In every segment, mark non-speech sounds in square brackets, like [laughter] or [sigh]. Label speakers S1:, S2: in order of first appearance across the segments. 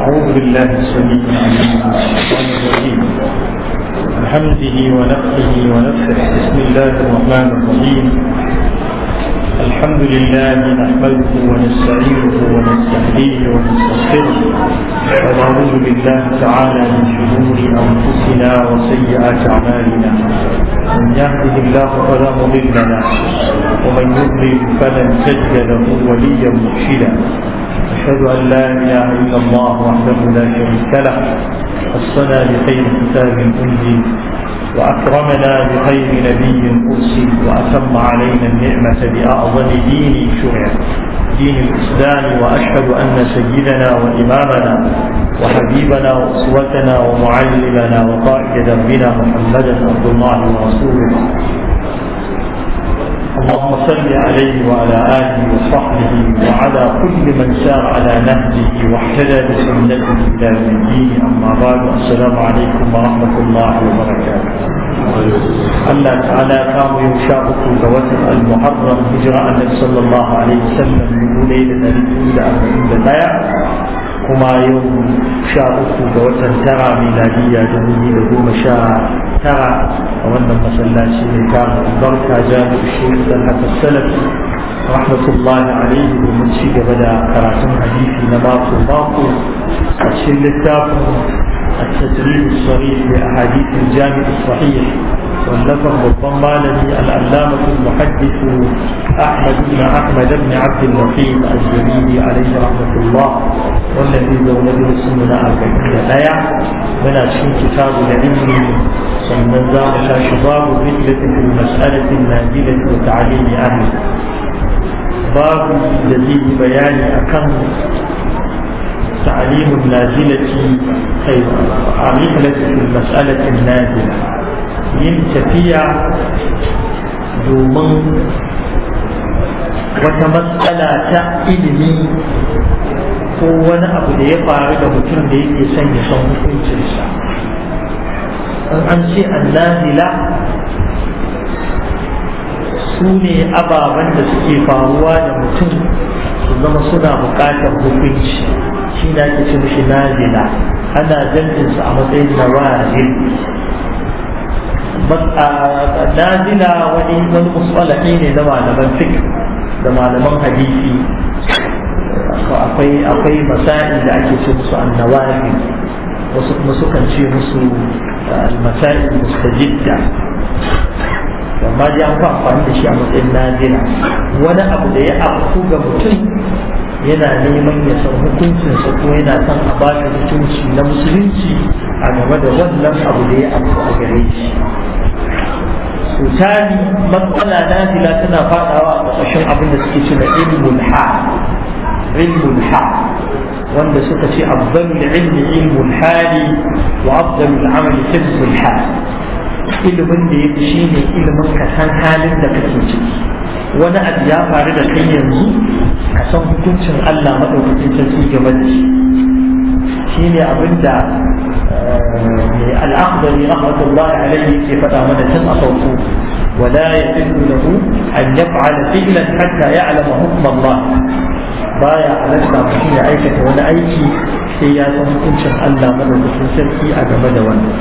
S1: أعوذ بالله السميع العليم من الشيطان الرجيم من حمده ونفخه ونفخه بسم الله الرحمن الرحيم الحمد لله نحمده ونستعينه ونستهديه ونستغفره ونعوذ بالله تعالى من شرور انفسنا وسيئات اعمالنا من يهده الله فلا مضل له ومن يضلل فلن تجد له وليا مرشدا أشهد أن لا إله إلا الله وحده لا شريك له وصلى بخير كتاب أنزل وأكرمنا بخير نبي أرسل وأتم علينا النعمة بأعظم دين شرع دين الإسلام وأشهد أن سيدنا وإمامنا وحبيبنا وأسوتنا ومعلمنا وقائد دربنا محمدا عبد الله ورسوله
S2: اللهم صل
S1: عليه وعلى آله وصحبه وعلى كل من سار على نهجه واحتدى بسنته إلى الدين أما بعد السلام عليكم ورحمة الله وبركاته الله تعالى كان يشاقق زوات المحرم هجر النبي صلى الله عليه وسلم من ليلة الأولى أربعين وما يوم شاقق زوات ترى ميلادية جميلة ومشاعر tara a wannan masallaci ne ka barka jami shirin da haka salaf rahmatullahi alaihi domin ci gaba da karatun hadisi na mako mako a cikin littafin a tajrib sharif da hadisin jami sahih wallafan babban malami al'allamatul muhaddisu ahmad ibn ahmad ibn abd al-muqim al-jabiri alaihi rahmatullah wannan zai zaune da sunna a gaba daya muna cikin kitabu da ilmi sannan za mu tashi babu fitlatin fil mas'alatin nazilati wa ta'limi ahli babu da yi bayani akan تعليم النازلة أي عميلة في المسألة النازلة ينتفيع دومن ta ilimi ko wani abu da ya faru da mutum da yake son ya san hukuncinsa in an ce annazila su ne ababen da suke faruwa da mutum su zama suna bukatar hukunci shi na ke ce mushi nazila ana jam'insu a matsayin nawazil nazila wani wani musalahi ne na malaman fik da malaman hadisi akwai akwai da ake ce musu annawazil wasu kuma sukan ce musu المسائل المستجدة amma dai an amfani da shi a matsayin nazira wani abu da ya afku ga mutum yana neman ya san hukuncinsa ko yana son a ba shi hukunci na musulunci a game da wannan abu da ya afku a gare shi sutani matsala nazila tana faɗawa a ƙarƙashin abin da suke cewa ilmul ha وأن ستة في أفضل العلم علم الحال وأفضل العمل حفظ الحال إلى من بيشيني إلى من كان حال لك تنجي وانا أدياء فارد الحين عشان كنت ألا مدعو في تنجي جمالي شيني أبدا آه، الأخضر رحمة الله عليه في فتاة من ولا يحل له أن يفعل فعلا حتى يعلم حكم الله baya halatta mutum ya aikata wani aiki sai ya san hukuncin Allah madaukakin sarki a game da wannan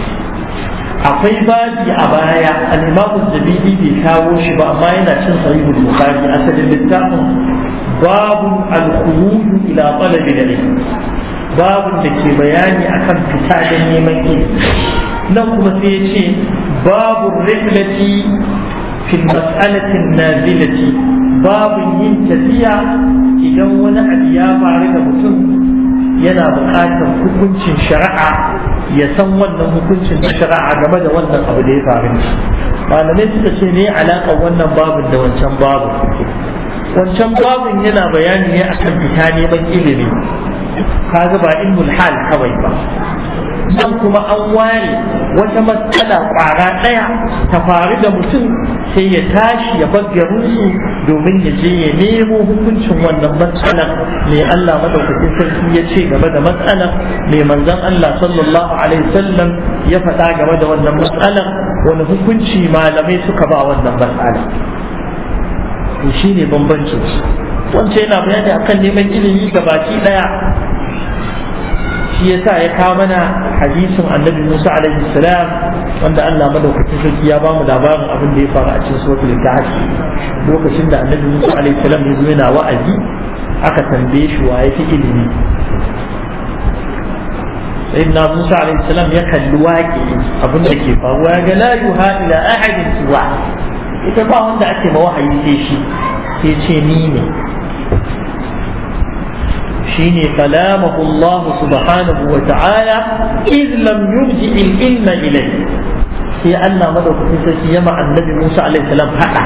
S1: akwai basi a baya al-imamu zabidi bai kawo shi ba amma yana cin sahihul bukhari sadin littafin babu al-khuruj ila talabi al babun da ke bayani akan fita da neman ilimi nan kuma sai ya ce babu rihlati fi mas'alatin nazilati babu yin tafiya idan wani abu ya faru da mutum yana buƙatar hukuncin shari'a ya san wannan hukuncin na shari'a game da wannan abu da ya faru da malamai suka ce ne alaƙar wannan babin da wancan babin wancan babin yana bayani ne akan fita neman ilimi ga ba ilmul hal kawai ba nan kuma an ware wata matsala kwara ɗaya ta faru da mutum sai ya tashi ya bar garinsu domin ya je ya nemo hukuncin wannan matsalar mai Allah madaukakin sarki ya ce game da matsalar mai manzon Allah sallallahu alaihi wasallam ya faɗa game da wannan matsalar wani hukunci malamai suka ba wannan matsala to shine bambancin wancan yana bayani akan neman ilimi gabaki ɗaya shi sa ya kawo mana hadisin annabi Musa alaihi salam wanda Allah madaukakin sarki ya bamu labarin abin da ya faru a cikin suratul kahfi lokacin da annabi Musa alaihi salam ya zo yana wa'azi aka tambaye shi wa ya fi ilimi sayyidina Musa alaihi salam ya kalli waƙi abin da ke faruwa ya ga la yuha ila ahadin siwa ita ba wanda ake ma wahayi sai shi sai ce ni ne shine kalamahu Allah subhanahu wa ta'ala iz lam yurji al-ilma ilayhi sai Allah madaukakin sarki ya ma annabi Musa alaihi salam hada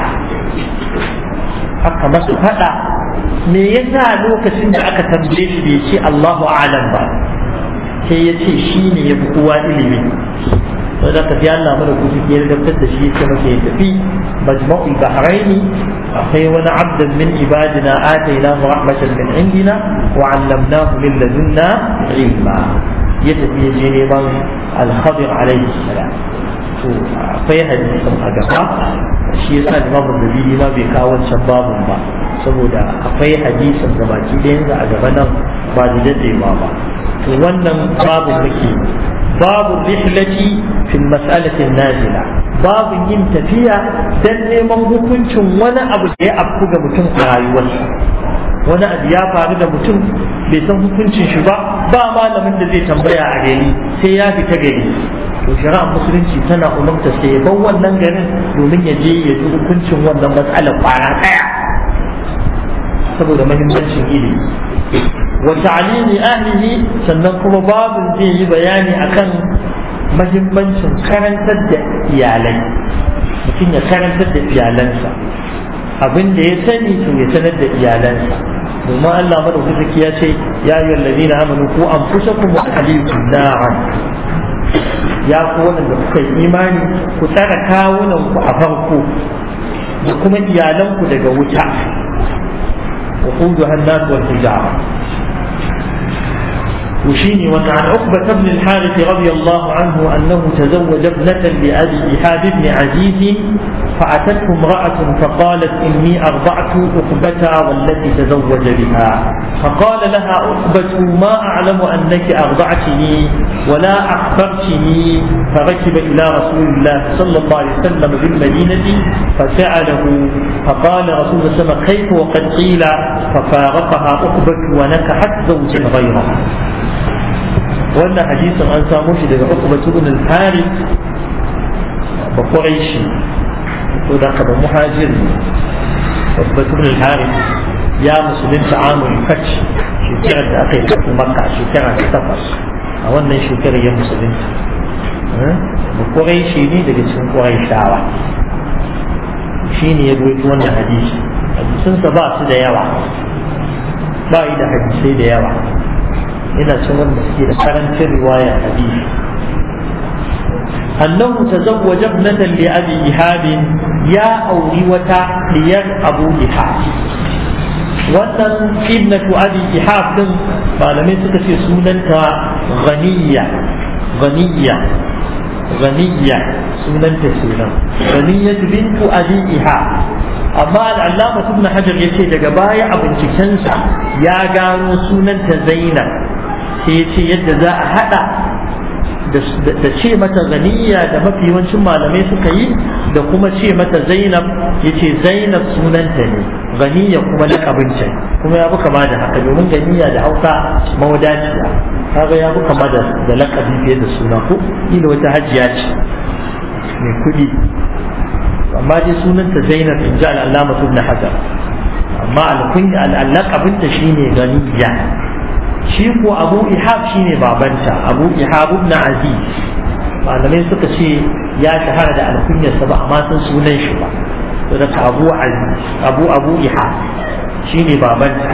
S1: aka masa hada me yasa lokacin da aka tambaye shi bai ce Allahu a'lam ba sai ya ce shi ne ya fi kowa ilimi to da ka fi Allah madaukakin sarki ya da shi ya ce masa ya tafi majma'ul bahraini akwai wani abdan min ibadina atainahu rahmatan min indina wa 'allamnahu min ladunna ilma ya tafi ya je neman al-khadir alayhi salam to akwai hadisin a gaba shi yasa da Nabi ma bai kawo wancan babun ba saboda akwai hadisin da baki da yanzu a gaba nan ba da dadewa ba to wannan babu muke babu rihlati fi mas'alatin nazila babu yin tafiya dan neman hukuncin wani abu da ya afku ga mutum a rayuwarsa wani abu ya faru da mutum bai san hukuncin shi ba ba malamin da zai tambaya a gari sai ya fita gari to shari'ar musulunci tana umarta sai ya bar wannan garin domin ya je ya ji hukuncin wannan matsalar kwara daya saboda mahimmancin ilimi wa ta'limi ahlihi sannan kuma babu zai yi bayani akan mahimmancin karantar da iyalai mutum ya karantar da iyalansa abin da ya sani to ya sanar da iyalansa domin Allah madaukaki ya ce ya yi wallazi na amanu ko an kusa kuma a halittu ya ku waɗanda kuka yi imani ku tsara kawunan ku a farko da kuma iyalanku daga wuta ku kudu hannatuwar wal hijara وشيني وعن عقبة بن الحارث رضي الله عنه أنه تزوج ابنة لأبي إيهاب بن عزيز فأتته امرأة فقالت إني أرضعت عقبة والتي تزوج بها فقال لها عقبة ما أعلم أنك أرضعتني ولا أخبرتني فركب إلى رسول الله صلى الله عليه وسلم بالمدينة فسأله فقال رسول الله صلى الله عليه وسلم كيف وقد قيل ففارقها عقبة ونكحت زوجا غيرها wannan hadisin an samu shi daga hukumatu ibn al-harith ba quraishi to da ka ba muhajir hukumatu ibn al-harith ya musulunta amul fath shekarar da aka yi kafin makka shekara ta takwas a wannan shekarar ya musulunta eh? ba quraishi ne daga cikin quraishawa ne ya rubuta wannan hadisi hadisinsa ba su da yawa ba yi da hadisai da yawa ina cin wanda suke da karancin riwaya hadisi annahu tazawwaja ibnatan li abi ihab ya auri wata liyar abu ihab wannan ibnatu abi ihab din malamai suka ce sunanta ghaniya ghaniya ghaniya sunanta sunan ghaniya bintu abi ihab amma al'allama ibn hajar ya ce daga baya a bincikensa ya gano sunanta zainab sai ya ce yadda za a haɗa da ce mata ganiya da mafi yawancin malamai suka yi da kuma ce mata zainab ya ce zainab sunanta ne ganiya kuma laƙabinta kuma ya fi kama da haka domin ganiya da hausa mawadaciya kaga ya fi kama da laƙabi fiye da suna ko ila wata hajiya ce mai kuɗi amma dai sunanta zainab in ji al'alamatu na hajar amma al'aƙabinta shine ganiya shi ko abu ihab shine babanta abu ihab ibn aziz malamai suka ce ya shahara da alkunyarsa ba amma sun sunan shi ba to da abu aziz abu abu ihab ne babanta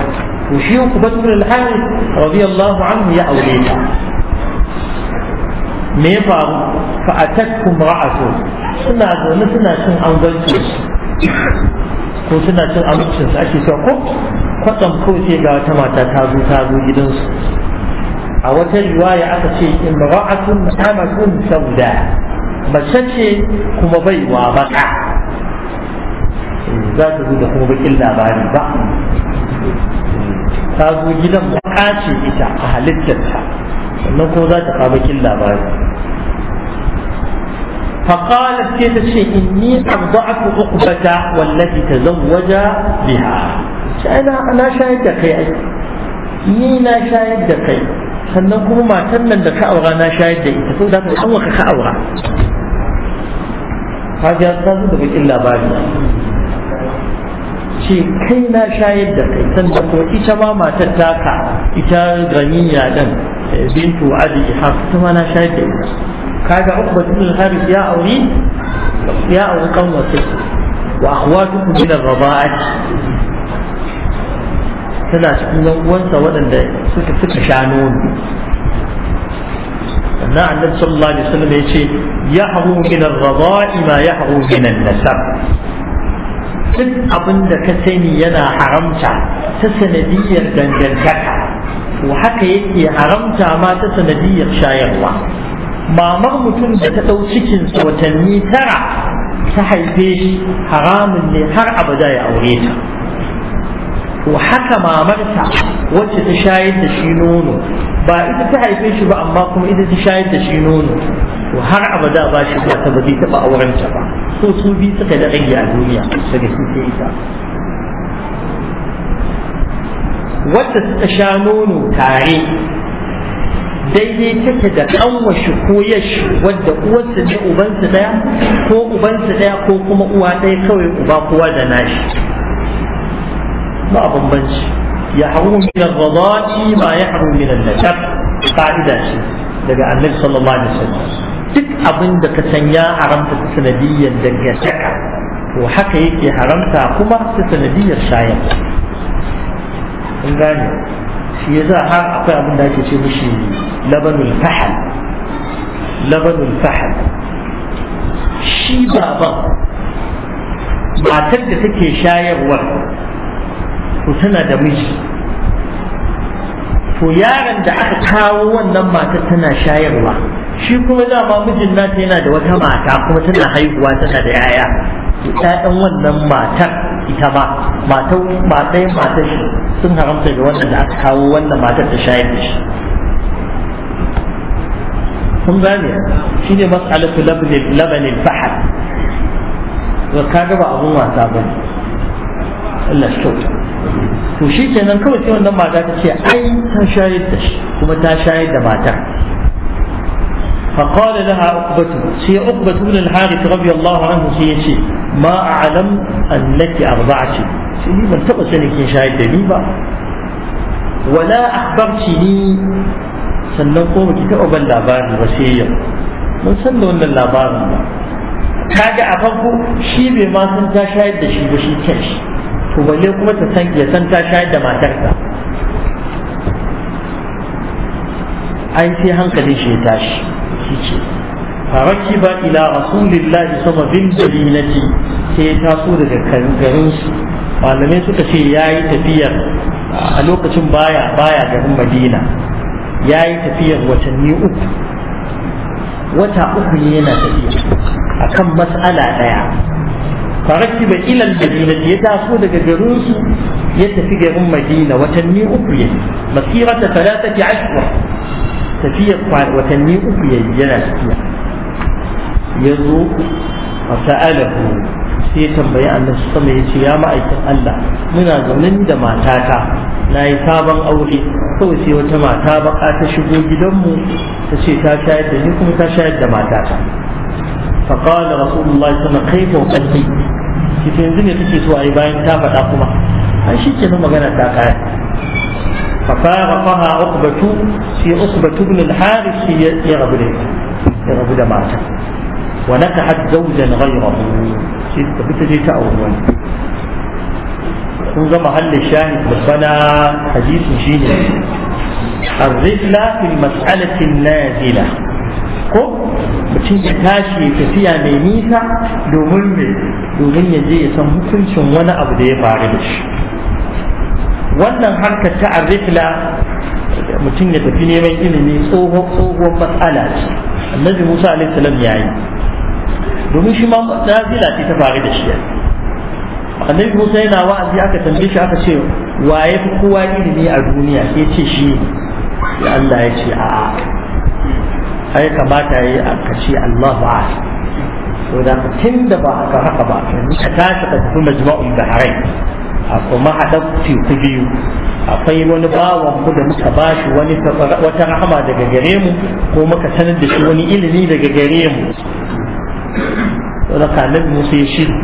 S1: to shi ku batul al radiyallahu anhu ya aure ta me ya fa atatkum ra'atu suna zaune suna cin an su ko suna cin abincin su ake cewa ko kwatsam kawai sai ga wata mata ta zo ta zo gidansu a wata riwaya aka ce in imra'atun amatun sauda mace ce kuma baiwa baka za ta zo da kuma bakin labari ba ta zo gidan baka ce ita a halittarta sannan kuma za ta kawo bakin labari فقالت كيف الشيء إني قد ضعت عقبة والتي تزوج بها أنا أنا شاهد دقيقة ni na shayar da kai sannan kuma matan nan da ka aura na shayar da ita so da ka an waka ka aura hajiya ta zo da bakin labari ce kai na shayar da kai sannan kuma ita ma matar taka ita ganiya dan bintu adi ha kuma na shayar da ita kaga ukba ibn al-haris ya auri ya auri kanwata wa akhwatukum min ar-rada'ati tana cikin yan uwansa waɗanda suka suka sha nono sannan annabi sallallahu alaihi wasallam ya ce ya haru min ar-rada'i ma ya haru min an-nasab duk abin da ka sani yana haramta ta sanadiyar dangantaka to haka yake haramta ma ta sanadiyar shayarwa mamar mutum da ta ɗau cikinsa watanni tara ta haife shi haramun ne har abada ya aure ta to haka mamarta wacce ta shayar da shi nono ba ita ta haife shi ba amma kuma ita ta shayar da shi nono to har abada ba shi ba ta ba zai taɓa auren ta ba so su bi suka da rage a duniya daga su ita wacce suka sha nono tare daidai take da kanwashi ko yashi wadda uwarsa ne ubansa ɗaya ko ubansa daya ko kuma uwa ɗaya kawai uba kowa da nashi ba bambanci ya haru min ar-radati ma yahru min an-nasab ka'ida ce daga annabi sallallahu alaihi wasallam duk abin da ka sanya haramta ta sanadiyyar dangantaka to haka yake haramta kuma ta sanadiyyar shayar kun gane shi yasa har akwai abin da ake ce mishi labanul fahal labanul fahal shi baban matar da take shayarwar to tana da miji to yaron da aka kawo wannan matar tana shayarwa shi kuma dama mijin nata yana da wata mata kuma tana haihuwa tana da yaya to ɗan wannan matar ita ba ma matau matai matar shi sun haramta da wannan da aka kawo wannan matar ta shayar da shi kun gane shi ne mas'alatu labanin fahad ga kaga ba abun wasa ba Allah shi to shi kenan kawai sai wannan mata ta ce ai ta shayar da shi kuma ta shayar da matar فقال لها عقبة سي عقبة بن الحارث رضي الله عنه سي ma a'lam annaki arba'ati shi ni ban taba sani kin shayar da ni ba wala abarci ni sannan ko baki taba ban labarin ba sai yau mun san da wannan labarin ba kaga a farko shi bai ma san ta shayar da shi ba shi kanshi to balle kuma ta san ya san ta shayar da matarsa ai sai hankalin shi ya tashi shi ce فركب إلى رسول الله صلى الله عليه وسلم سيتاسو daga garin malamai suka ce yayi tafiyar a lokacin baya baya garin Madina yayi tafiyar watanni uku wata uku ne yana tafiya akan mas'ala daya farakiba ila madina ya taso daga garin ya tafi garin Madina watanni uku ne masirata 13 tafiya watanni uku yana tafiya ya zo a sa'alahu sai tambayi annabi sama ya ce ya ma'aikin Allah muna zaune da matata na yi sabon aure kawai sai wata mata baka ta shigo gidanmu ta ce ta shayar da ni kuma ta shayar da matata فقال رسول الله صلى الله عليه وسلم كيف وقلبي cikin yanzu ne kake so a yi bayan ta faɗa kuma an shi ke magana ta kaya fafara faha ukbatu sai ukbatu ibn al-haris ya rabu ya rabu da mata wa nakahat zawjan ghayrahu shi ta fita je ta auri wani kun ga mahallin shahid babbana hadisin shine الرحلة في المسألة النازلة ko mutum ya tashi tafiya mai nisa domin me domin ya je ya san hukuncin wani abu da ya faru da shi wannan harkar ta arrifla mutum ya tafi neman ilimi tsohon matsala ce annabi musa alaihi salam ya yi domin shi ma nazila ce ta faru da shi annabi Musa yana wa'azi aka tambaye shi aka ce waye fi kowa ilimi a duniya sai ce shi ya Allah ya ce a'a ai kamata yi aka ce Allahu a'lam saboda tun da ba aka haka ba ka tashi ka tafi majma'un da harai a kuma haɗa teku biyu akwai wani bawan mu da muka ba shi wani wata rahama daga gare mu ko muka sanar da shi wani ilimi daga gare mu saboda annabi Musa ya shiru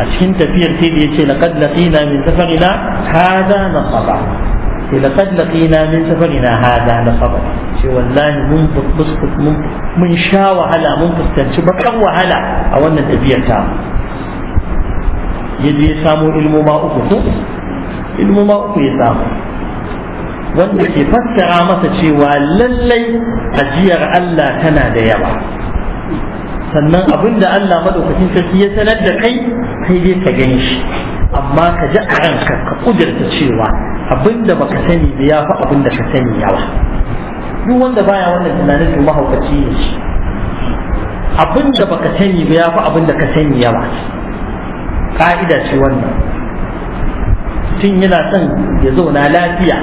S1: a cikin tafiyar sai da yace laqad laqina min safarina hada nasaba sai laqad laqina min safarina hada nasaba ce wallahi mun fuskus mun mun sha wahala mun fuskanci bakan wahala a wannan tafiyar ta Yadda ya samu samo ilmu ma uku ko ilmu ma uku ya samu wanda ke fassara masa cewa lallai ajiyar Allah tana da yawa sannan abin da Allah madaukakin sarki ya sanar da kai kai dai ka gani shi amma ka ji a ranka ka kudurta cewa abin da baka sani da ya fi abin da ka sani yawa duk wanda baya wannan tunanin to mahaukaci ne shi abin da baka sani ba ya fi abin da ka sani yawa ka'ida ce wannan tun yana son ya zauna lafiya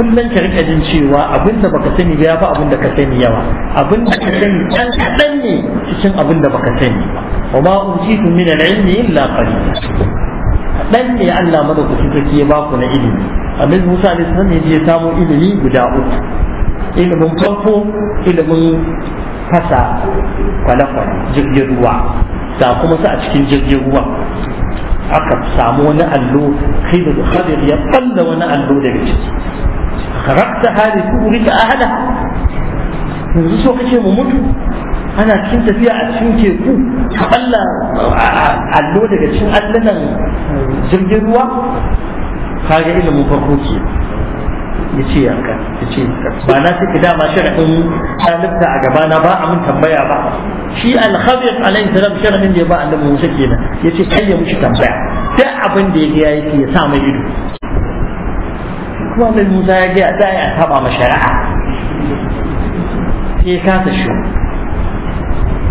S1: kullum ka riƙa jin cewa abin da baka sani ba ya fi abin da ka sani yawa abin da ka sani ɗan kaɗan ne cikin abin da baka sani ba wa ma utitu min al-ilmi illa qalila dan ne Allah madaukakin sarki ya baku na ilimi annabi Musa alaihi salam ya je samu ilimi guda uku ilimin farko ilimin fasa kwalakwal jirgin ruwa da kuma su a cikin jirgin ruwa aka samu wani allo khidir ya balla wani allo daga ciki kharabta hali ku rika ahada yanzu so kace mu mutu ana cin tafiya a cikin teku ka falla allo daga cikin allunan jirgin ruwa kaga ilimin farko ke ya ce yanka ya ce ba na suke dama sharaɗin ɗalibta a gabana ba a mun tambaya ba shi alhabir alayhi salam sharaɗin da ya ba annabi musa kenan ya ce kai ya mushi tambaya duk abin da ya ga ya ya sa mai ido kuma mai musa ya ga ya tsaya a saba ma shari'a sai ka ta shi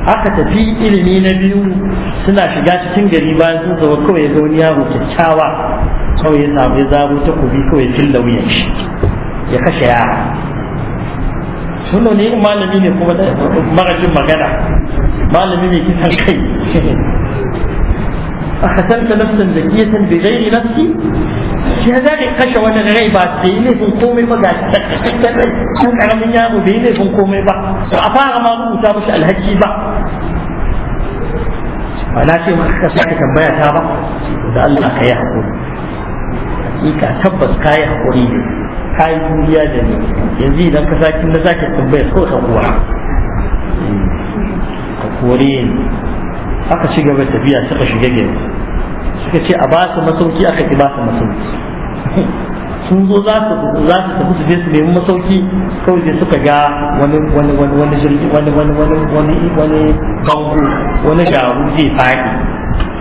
S1: aka tafi ilimi na biyu suna shiga cikin gari bayan sun zama kawai ya wani yaro kyakkyawa kawai ya samu ya zabo ta kubi kawai ya filla wuyan shi ya kashe yara suno ne malami ne kuma marajin magana malami mai kisan kai [laughs] a kasanta nafsan da kisan bai gairi nafsi ya zaɗe kashe wani rai ba da yi laifin komai ba ga cikakken rai ko ƙaramin yaro da yi laifin komai ba ba a fara ma rubuta mashi alhaki ba ba na ce maka ka sake tambaya ta ba da Allah ka yi hakuri hakika tabbas ka yi haƙuri ne ka yi duniya da ni yanzu idan ka sake na sake tambaya ko ka kuwa hmm. ka kore aka ci gaba tafiya suka shiga gari suka ce a ba su masauki aka ki ba su masauki sun zo za su za su tafi su je su nemi masauki kawai sai suka ga wani wani wani wani wani wani wani wani wani bango wani garu zai faɗi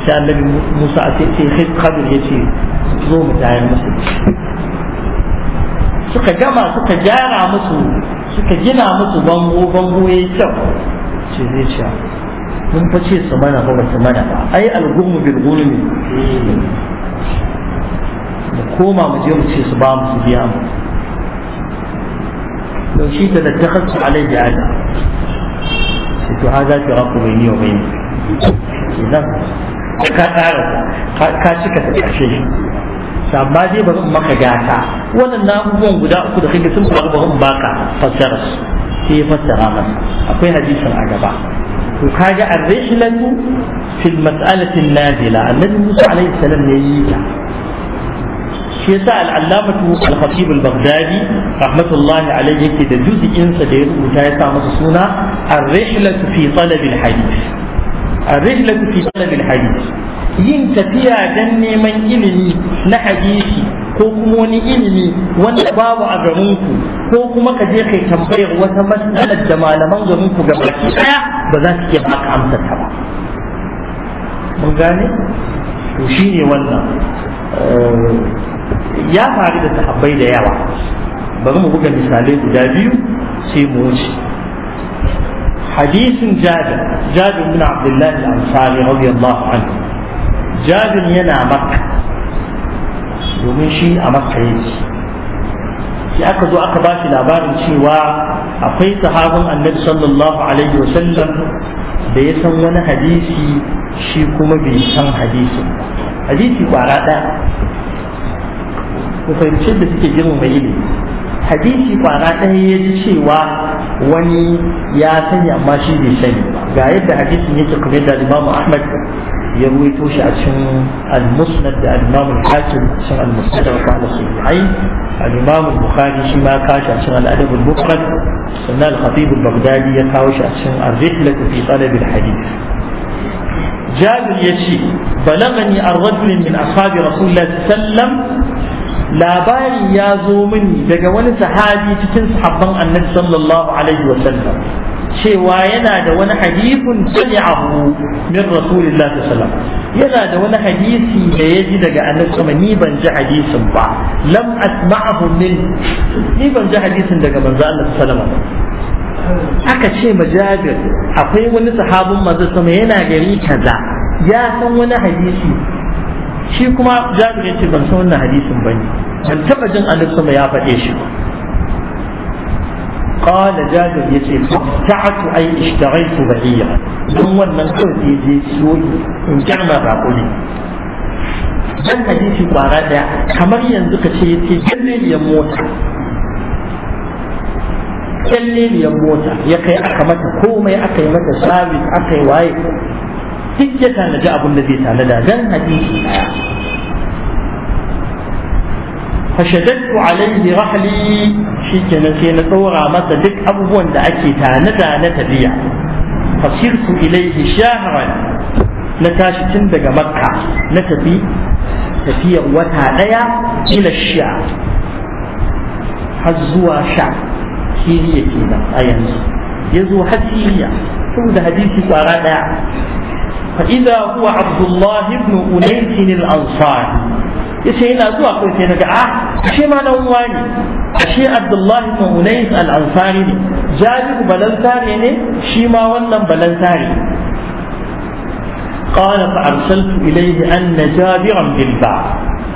S1: sai annabi Musa a ce sai Khadir ya ce zo mu tayar musu suka gama suka gyara musu suka gina musu bango bango yayi kyau ce zai ce mun fa ce su mana ba su mana ba ai algurmu bil gurmi mu koma mu je mu ce su ba mu su biya mu لو شئت لاتخذت عليه عهدا قلت هذا فراق بيني وبينك إذا كتعرف كاشكة كاشي amma dai bari in maka gata wannan na abubuwan guda uku da kake sun faru bari in baka fassara sai ya fassara masa akwai hadisin a gaba to kaga ar-rihlatu fil mas'alati an-nazila annabi Musa alaihi salam yayi ta shi yasa al-allamatu al-khatib al-baghdadi rahmatullahi alayhi yake da juz'in sa da ya rubuta ya sa masa suna ar-rihlatu fi talab al-hadith ar-rihlatu fi talab al-hadith yin tafiya dan neman ilimi na hadisi ko kuma wani ilimi wanda babu a garinku ko kuma ka je kai tambayar wata matsalar da malaman garinku ga baki daya ba za su iya baka amsar ta ba mun gane to shine wannan eh, ya faru da sahabbai da yawa bari mu buga misalai guda biyu sai mu wuce hadisin jabir jabir bin abdullahi al-ansari radiyallahu anhu jabir yana makka domin shi a makka yake sai aka zo aka ba shi labarin cewa akwai sahabin annabi sallallahu alaihi wasallam da ya san wani hadisi shi kuma bai san hadisin hadisi kwara ɗaya ku fahimci da suke girmama ilimi hadisi kwana ɗaya ya ji cewa wani ya sani amma shi bai sani ga yadda hadisin yake kuma yadda Imam Ahmad ya ruwaito shi a cikin al-musnad da al-imam al-hakim cikin al-musnad wa kana sahihai al-imam bukhari shi ma kashi a cikin al-adab mufrad sannan al-khatib al-baghdadi ya kawo shi a cikin ar-rihlah fi talab al-hadith jabir yace balagani ar-rajul min ashabi rasulullah sallallahu alaihi wasallam labari ya zo mini daga wani sahabi cikin sahabban annabi sallallahu alaihi wasallam cewa yana da wani hadithun sami'ahu min rasulillah sallallahu yana da wani hadisi da ya ji daga annabi sama ni ban ji hadisin ba lam asma'ahu min ni ban ji hadisin daga manzo Allah sallallahu alaihi aka ce majabir akwai wani sahabin manzo sama yana gari kaza ya san wani hadisi shi kuma jabir ban san wannan hadisin bane ban taba jin annabi ya faɗe shi ba قال جابر يسير تعت أي اشتريت wannan ثم المنصور في ذي سوء إن كان باقولي dan hadisi kwara ɗaya kamar yanzu ka ce yace kyalleliyar mota kyalleliyar mota ya kai aka mata komai aka yi mata sabis aka yi waye duk ya tanadi abin da zai tanada don hadisi daya. fashadattu alaihi rahali shi ke sai na tsora masa duk abubuwan da ake tanada na tabiya fasirku ilaihi shaharan na tashi tun daga makka na tafi tafiyar wata daya ila sha har zuwa a yanzu ya zo har hadisi tsara daya فإذا هو عبد الله بن أنيس الأنصاري yace yana zuwa kawai sai daga ah ashe ma dan ne ashe Abdullahi ibn Unais al-Ansari ne Jabir balansare ne shi ma wannan balansare qala fa arsaltu ilayhi anna Jabiran bil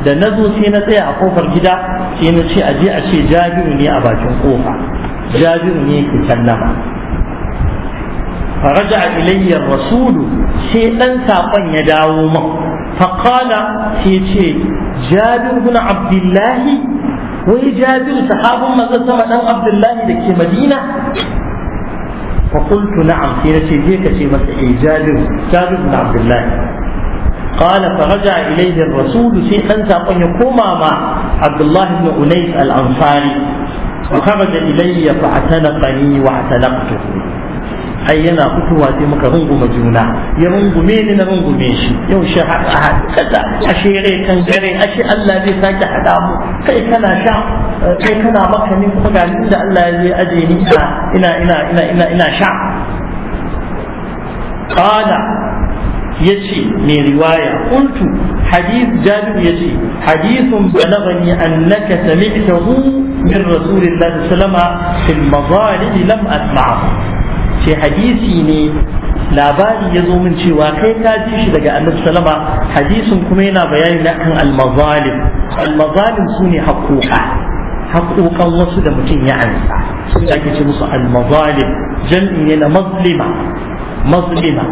S1: da nazo sai na tsaya a ƙofar gida sai na ce aje a ce Jabiru ne a bakin ƙofa, Jabiru ne ke sallama faraja ilayya rasulu sai dan sakon ya dawo min faqala sai ce jabir bin abdullah wai jabir sahabin manzo sama dan abdullah da madina fa na'am sai nace je ka ce masa eh jabir jabir bin abdullah قال فرجع إليه الرسول في أن تقول يقوما مع عبد الله بن أنيس الأنصاري وخرج إلي فاعتنقني واعتنقته Ai yana fitowa sai muka rungume juna ya rungume ni na rungume shi yau shi haɗa haɗa kada ashe rai kan gare shi Allah zai sake haɗa mu kai kana sha eh, kai kana maka ni kuma ga da Allah zai aje ni ina ina ina ina ina sha qala yace mai riwaya qultu hadith jabir yace hadithun balagani annaka sami'tahu min rasulillahi sallallahu alaihi wasallam fil magharibi lam asma'ahu ce hadisi ne labari ya zo min cewa kai ka ji shi daga annabi salama hadisin kuma yana bayani na kan almazalim almazalim su ne haƙoƙa haƙoƙan wasu da mutum ya ansa sun da ake ce musu almazalim jam'i ne na mazlima mazlima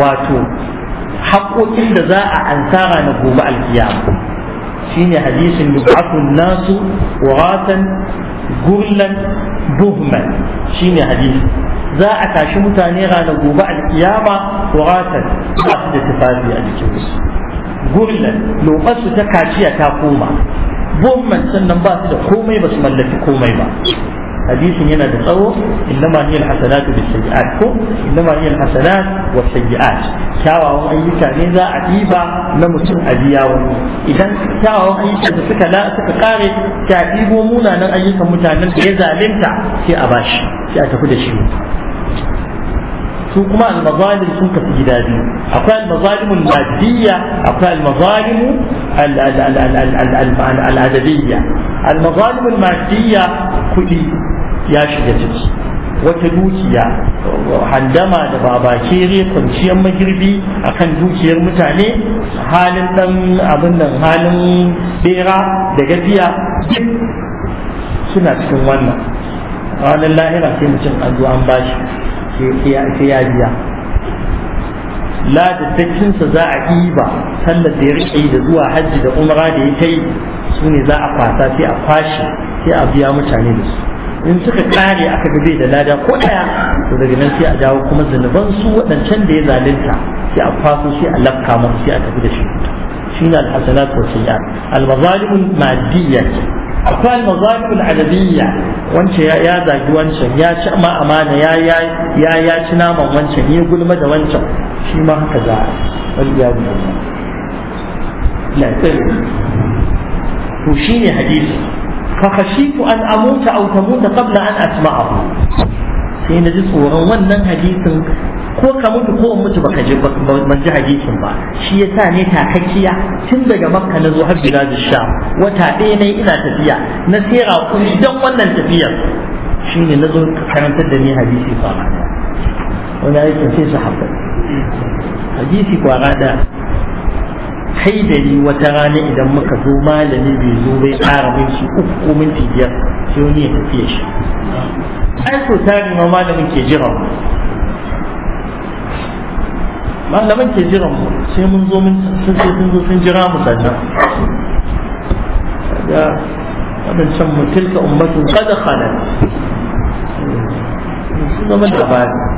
S1: wato haƙoƙin da za a ansara na gobe alkiyama shine hadisin yub'athun nasu wuratan gurlan buhman shine hadisin za a tashi mutane ranar gobe alkiyama turatan ba su da tufafi a jikinsu gurlan lobarsu ta kaciya ta koma bomman sannan ba su da komai ba su mallaki komai ba hadisin yana da tsawo innama ni alhasanat bis sayiat ko innama ni alhasanat was sayiat kyawawan ayyuka ne za a diba na mutum a biya wani idan kyawawan ayyuka da suka la suka kare ta dibo munanan ayyukan mutanen da ya zalunta sai a bashi sai a tafi da shi su kuma almazalim sun tafi gida biyu akwai al-mazalimun madiyya akwai al-mazalimu al-adabiyya al madiyya kudi ya shiga ciki wata dukiya handama da babakere kwanciyar magirbi akan dukiyar mutane halin ɗan abin nan halin bera da gafiya duk suna cikin wannan ranar lahira sai mutum an zo an bashi sai ya biya ladattakinsa za a ɗiba sallar da ya riƙe da zuwa hajji da umra da ya kai su ne za a kwasa sai a kwashe sai a biya mutane da su in suka ƙare aka ga bai da lada ko ɗaya to daga nan sai a dawo kuma zunuban su waɗancan da ya zalunta sai a kwaso sai a lafka masa sai a tafi da shi shi ne alhassanat wa sayyar almazalimul akwai almazalimul adabiyya wancan ya zagi wancan ya ci ma amana ya ya ya ci naman wancan ya gulma da wancan shi ma haka za a waliyadu ku, to ne hadisi fa khashitu an amuta aw tamuta qabla an asma'ahu sai na ji tsoron wannan hadisin ko ka mutu ko mutu baka je ban ji hadisin ba shi ya sa ne takakkiya tun daga makka na zo har biladu sha wata ɗaya ne ina tafiya na sera kuri don wannan tafiyar ne na zo karantar da ni hadisi kwara ɗaya wani ya ce su haɓɓa hadisi kwara ɗaya kai da ni wata rana idan muka zo malami bai zo bai ƙara minti uku ko minti biyar sai wani ya tafiya shi ai so tari ma malamin ke jira malaman ke jiran mu sai mun zo mun sun sai sun zo sun jira mu sannan da abin can mu tilka ummatun kada khalat eh, sun zama da bani bi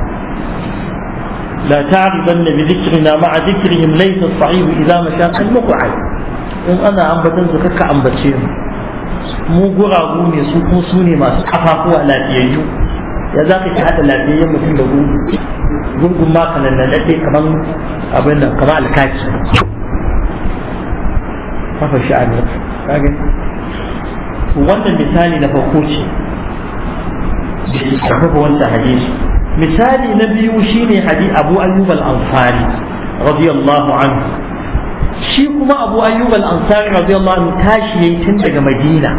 S1: تعرضن بذكرنا مع ذكرهم ليس الصعيد إذا مشى قد مقعد إن أنا عم بتنزل كك عم بتشير mu guragu ne su kuma su ne masu kafafuwa lafiyayyu ya za ka haɗa lafiyayyen mutum da gungu gungun maka nan nan dade kaman abin nan kamar alkaci kafa shi a kage wannan misali na farko ce da ke karfafa wancan hadisi misali na biyu shine hadi abu ayyub al-ansari radiyallahu anhu shi kuma abu ayyub al-ansari radiyallahu anhu tashi yayi tun daga madina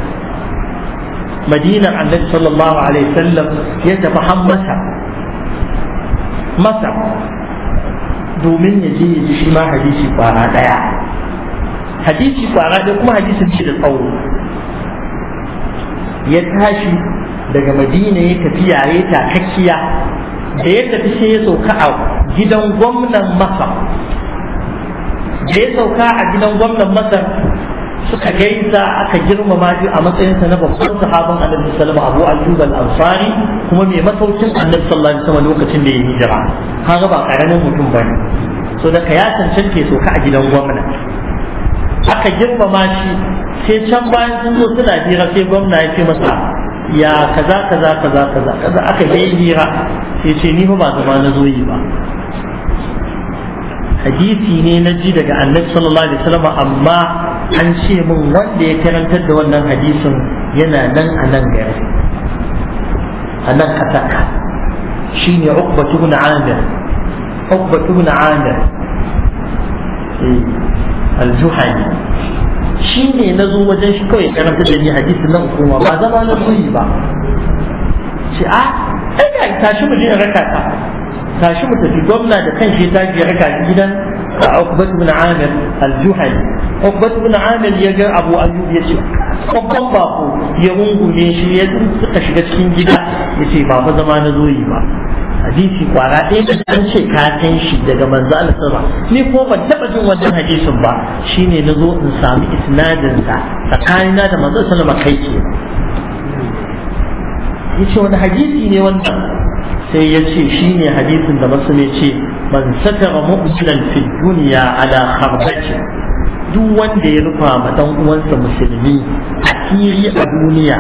S1: madinar annabi sallallahu alaihi wasallam ya tafi har masar domin ya je ya ji shi ma hadisi kwara daya hadisi kwara daya kuma hadisin ce tsawo ya tashi daga madina ya tafiya ta takakkiya da ya tafi sai ya sauka a gidan gwamnan masar da ya sauka a gidan gwamnan masar suka gaisa aka girmama shi a matsayinsa na babban sahaban annabi sallallahu alaihi wasallam Abu Ayyub al-Ansari kuma mai masaukin annabi sallallahu alaihi wasallam lokacin da ya hijira kaga ba karamin mutum bane so da ya cancanta so ka a gidan gwamna aka girmama shi sai can bayan sun zo suna hira sai gwamna ya ce masa ya kaza kaza kaza kaza kaza aka yi hira sai ce ni ba zama na zo yi ba hadisi ne na ji daga annabi sallallahu alaihi wasallam amma an ce min wanda ya karantar da wannan hadisin yana nan a nan gari a nan ƙasaka shi ne ukbatu bin amir ukbatu bin amir eh, al-juhani shi ne na zo wajen shi kawai karanta da ni hadisin nan kuma ba zama na koyi ba ce a ah, ai tashi mu je raka ta tashi mu tafi gwamna da kan shi ta je raka gidan al بن عامر الجهني عقبة بن عامر يجا أبو أيوب يجي babban bako ya rungume shi ya suka shiga cikin gida ya ce ba fa zama na zoyi ba hadisi kwara ɗaya da an ce ka san shi daga manzo Allah sama ni ko ban taba jin wannan hadisin ba shine na zo in sami isnadin sa tsakanina da manzo sallama kai ke yace wani hadisi ne wannan sai ya ce shine hadisin da masu ne ce man satara mu'minan fi ala kharbati duk wanda ya rufa ma dan uwansa musulmi asiri a duniya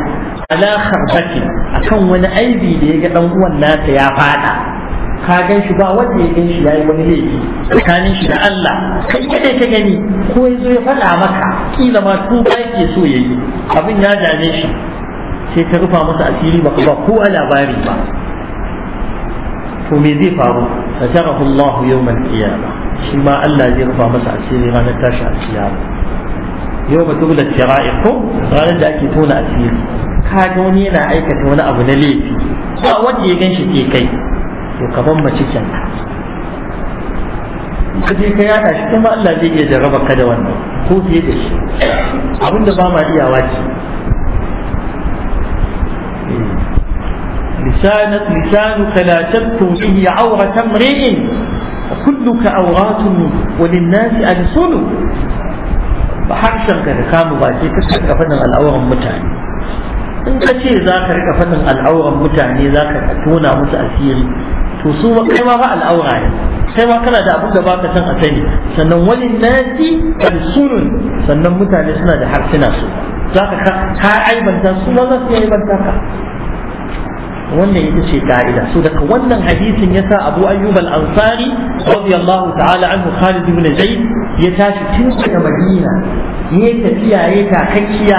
S1: ala kharbati akan wani aibi da ya ga dan uwan nasa ya fada ka gan shi ba wanda ya gan shi yayi wani laifi tsakanin shi da Allah kai kada ka gani ko yazo ya faɗa maka kila ma ba yake so yayi abin ya dame shi sai ka rufa masa asiri baka ba ko labari ba to me zai faru فتره الله يوم القيامة شما ألا يرفع مسا أسيري غانا تاشا القيامة يوم تغلى السرائر غانا داكي تونا أسيري كادوني أنا عيكة وانا أبو نليفي وأودي يغنش تيكي وكمان ما تشجن kaje ka yada shi kuma Allah zai iya jarraba ka da wannan ko fiye da shi abinda ba ma iyawa ce لسانك لسانك لا تبكو به عورة امرئ وكلك أورات وللناس ألسن فحرشاً كذا كان كسر كفنن العورة المتعني إن كثير ذاكر كفنن العورة المتعني ذاكر أتونا متأثير تصوم كما رأى الأورة كما كان هذا أبو دباك سنأتني سنن وللناس ألسن سنن متعني سنن حرشنا سنن ذاكر ها أيضاً تصوم الله أيضاً wannan ita ce ka'ida so daga wannan hadisin ya sa abu ayyub al-ansari radiyallahu ta'ala anhu khalid ibn zaid ya tashi tun daga madina ya tafiya ya takakkiya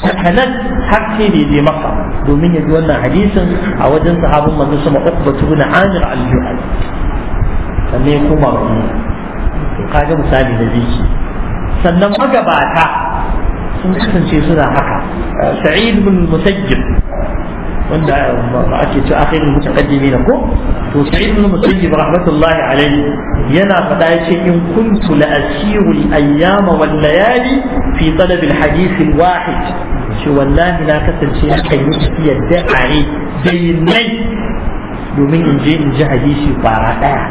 S1: sakanan har sai da je maka domin ya ji wannan hadisin a wajen sahabin manzo sama ukbatu ibn amir al-juhal sannan ya koma madina kaga misali da biki sannan magabata sun kasance suna haka sa'id bin musajjib wanda ake ci akhirin mutaqaddimin ko to sa'id ibn musayyib rahmatullahi alayhi yana faɗa ce in kuntu la asiru al-ayyama wal layali fi talab al-hadith al-wahid shi wallahi na kasance kan yi tafiyar da'ari nai domin in je in ji hadisi kwara daya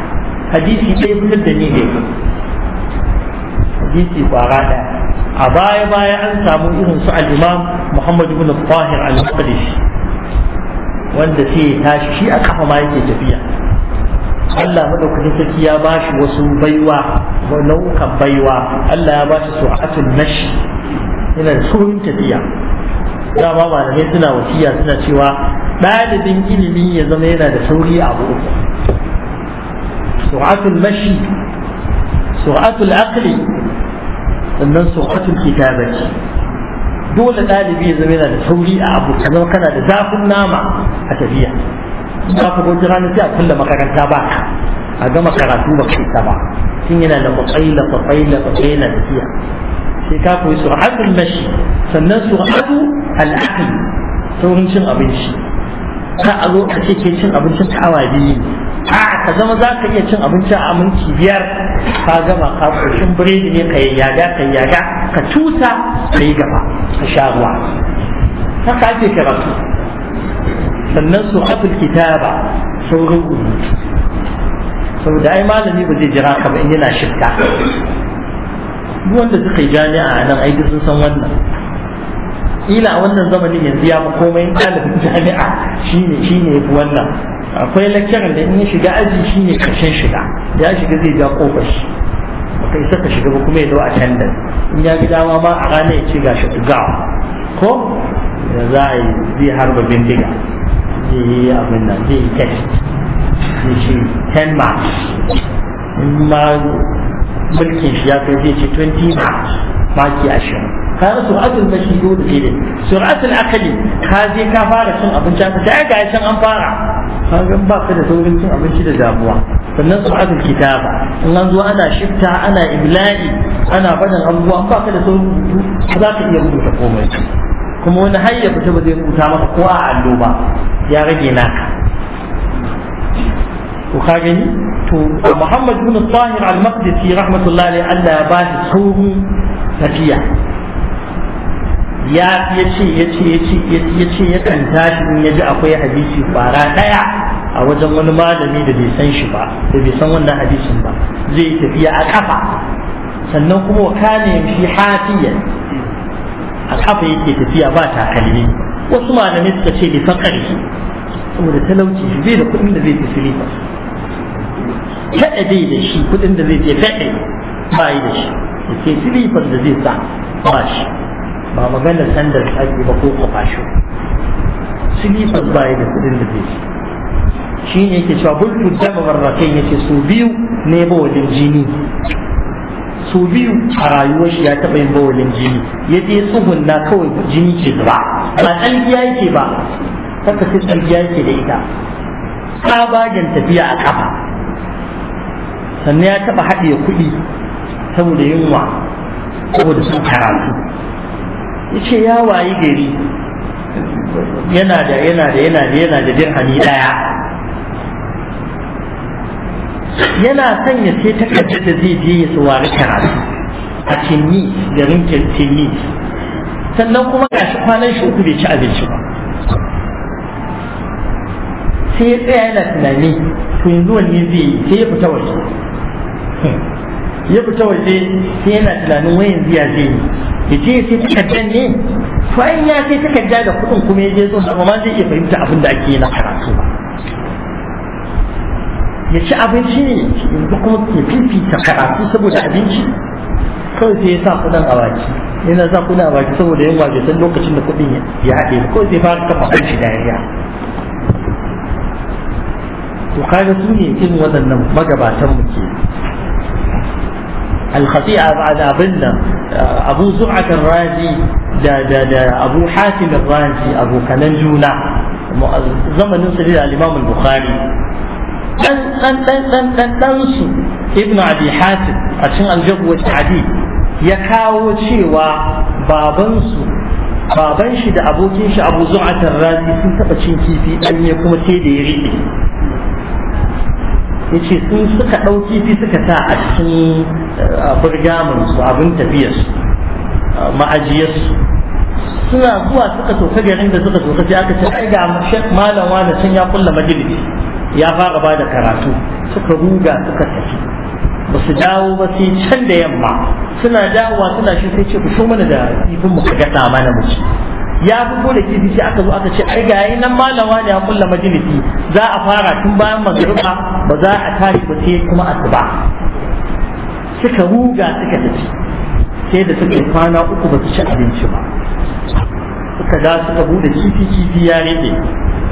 S1: hadisi ɗaya fitar da ni ne hadisi kwara daya a baya baya an samu irin su al-imam muhammad ibn tahir al wanda sai ya tashi shi a kafa ma yake tafiya Allah madaukakin sarki ya ba shi wasu baiwa nau'ukan baiwa Allah ya ba shi su'atul nashi yana da saurin tafiya dama malamai suna wasiya suna cewa dalibin ilimi ya zama yana da sauri a abu su'atul mashi su'atul aqli sannan su'atul kitabati dole ɗalibi ya zama yana da sauri a abu ka kana da zafin nama a tafiya za ka goji ranar sai a kulle makaranta ba a gama karatu ba kai ta ba tun yana da matsayi da fatsai da fatsai na tafiya sai ka koyi sur'atul mashi sannan sur'atu al'aqli saurin cin abinci ka a zo a ce ke cin abincin ta awa biyu a ka zama za ka iya cin abinci a minti biyar ka gama ka kushin biredi ne ka yayyada ka yayyada ka tuta ka yi gaba ka sha ruwa Ta ka ake karatu sannan su atul kitaba saurin Sau da ai malami ba zai jira ka ba in yana shirka duk wanda suka yi jami'a a nan aiki sun san wannan ila wannan zamanin yanzu ya fi komai ɗalibin jami'a shine shine wannan akwai lakcarar da in shiga aji shi ne karshen shiga ya shiga zai ja kofar shi ka isa ka shiga ba kuma ya zo a can da in ya ga dama ma a ranar ya ce ga shi ga ko da za a yi zai harba bindiga zai yi abin nan zai yi test zai ce 10 marks in ma mulkin shi ya kai zai ce 20 marks maki ashirin kaga sur'atul bashi dole sai dai sur'atul akali ka je ka fara cin abinci ka ta ga can an fara kagan ba ka da saurin cin abinci da damuwa sannan su haɗin kitaba in an zo ana shifta ana ibla'i ana faɗin abubuwa ba ka da saurin rubutu ba za ka iya rubuta komai kuma wani har ya fita ba zai rubuta maka ko a allo ba ya rage naka to ka gani to Muhammad ibn Tahir al-Maqdisi rahmatullahi alayhi Allah ya ba shi saurin tafiya ya ya ce ya ce ya ce ya ce ya kan tashi in ya ji akwai hadisi fara daya a wajen wani malami da bai san shi ba da bai san wannan hadisin ba zai tafiya a kafa sannan kuma wakane shi hafiya a kafa yake tafiya ba ta takalmi wasu malamai suka ce bi fakari saboda talauci shi zai da kuɗin da zai fi silifas kaɗa dai da shi kuɗin da zai je ba yi da shi da ke silifas da zai sa ba shi ba magana sanda ake ba ko kwafa shi silifas ba da kudin da zai shi ne yake cewa bultu dama ya yace su biyu ne bawalin jini su biyu a rayuwar shi ya taɓa yin bawalin jini ya je na kawai jini ke zuba ba ɗalgiya yake ba haka sai ɗalgiya yake da ita tsabagen tafiya a ƙafa sannan ya taɓa haɗe kuɗi saboda yunwa saboda sun karatu yace ya wayi gari yana da yana da yana da yana da dirhami daya yana son ya sai takardar da zai je ya tsawari karatu a tinni garin tinni sannan kuma shi kwanan shi uku bai ci abinci ba sai ya tsaya yana tunani to yanzu wanne zai yi sai ya fita waje [laughs] ya fita waje sai yana tunanin wayan ziya zai yi ya je sai takardar ne bayan ya sai takarda da kuɗin kuma ya je tsun amma zai iya fahimta abin da ake na karatu ba ya ci abinci ne yanzu kuma ya fifita karatu saboda abinci kawai sai ya sa kuɗin a baki yana sa kuɗin a baki saboda yunwa bai san lokacin da kuɗin ya haɗe kawai sai fara kafa kanshi dariya to kaga su ne irin waɗannan magabatan mu ke الخطيئة بعد أظن آه، أبو زرعة الرازي دا دا دا أبو حاتم الرازي أبو كننجونا زمن إلى الإمام البخاري لن لن لن لن لن تنسوا ابن أبي حاتم عشان الجب والتعديل يكاو تشيوا بابنسو baban shi da abokin shi abu zu'atar razi كيفي أن يكون kifi dan yace in suka ɗau kifi suka sa a cikin eh, burgamin su abin tafiyarsu eh, ma'ajiyarsu suna zuwa suka toka garin da suka toka sai aka ce ai ga shek malam wani can ya kulla majalisi ya fara ba da karatu suka ruga suka tafi ba su dawo ba sai can da yamma suna dawowa suna shi sai ce ku so mana da ibin mu ka gaɗa mana mu ya fito da kifi shi aka zo aka ce ai ga yi nan malawa ne a kulla majalisi za a fara tun bayan magariba ba za a tashi ba sai kuma asuba suka ruga suka tafi sai da suka kwana uku ba su ci abinci ba suka ga suka bude kifi kifi ya rike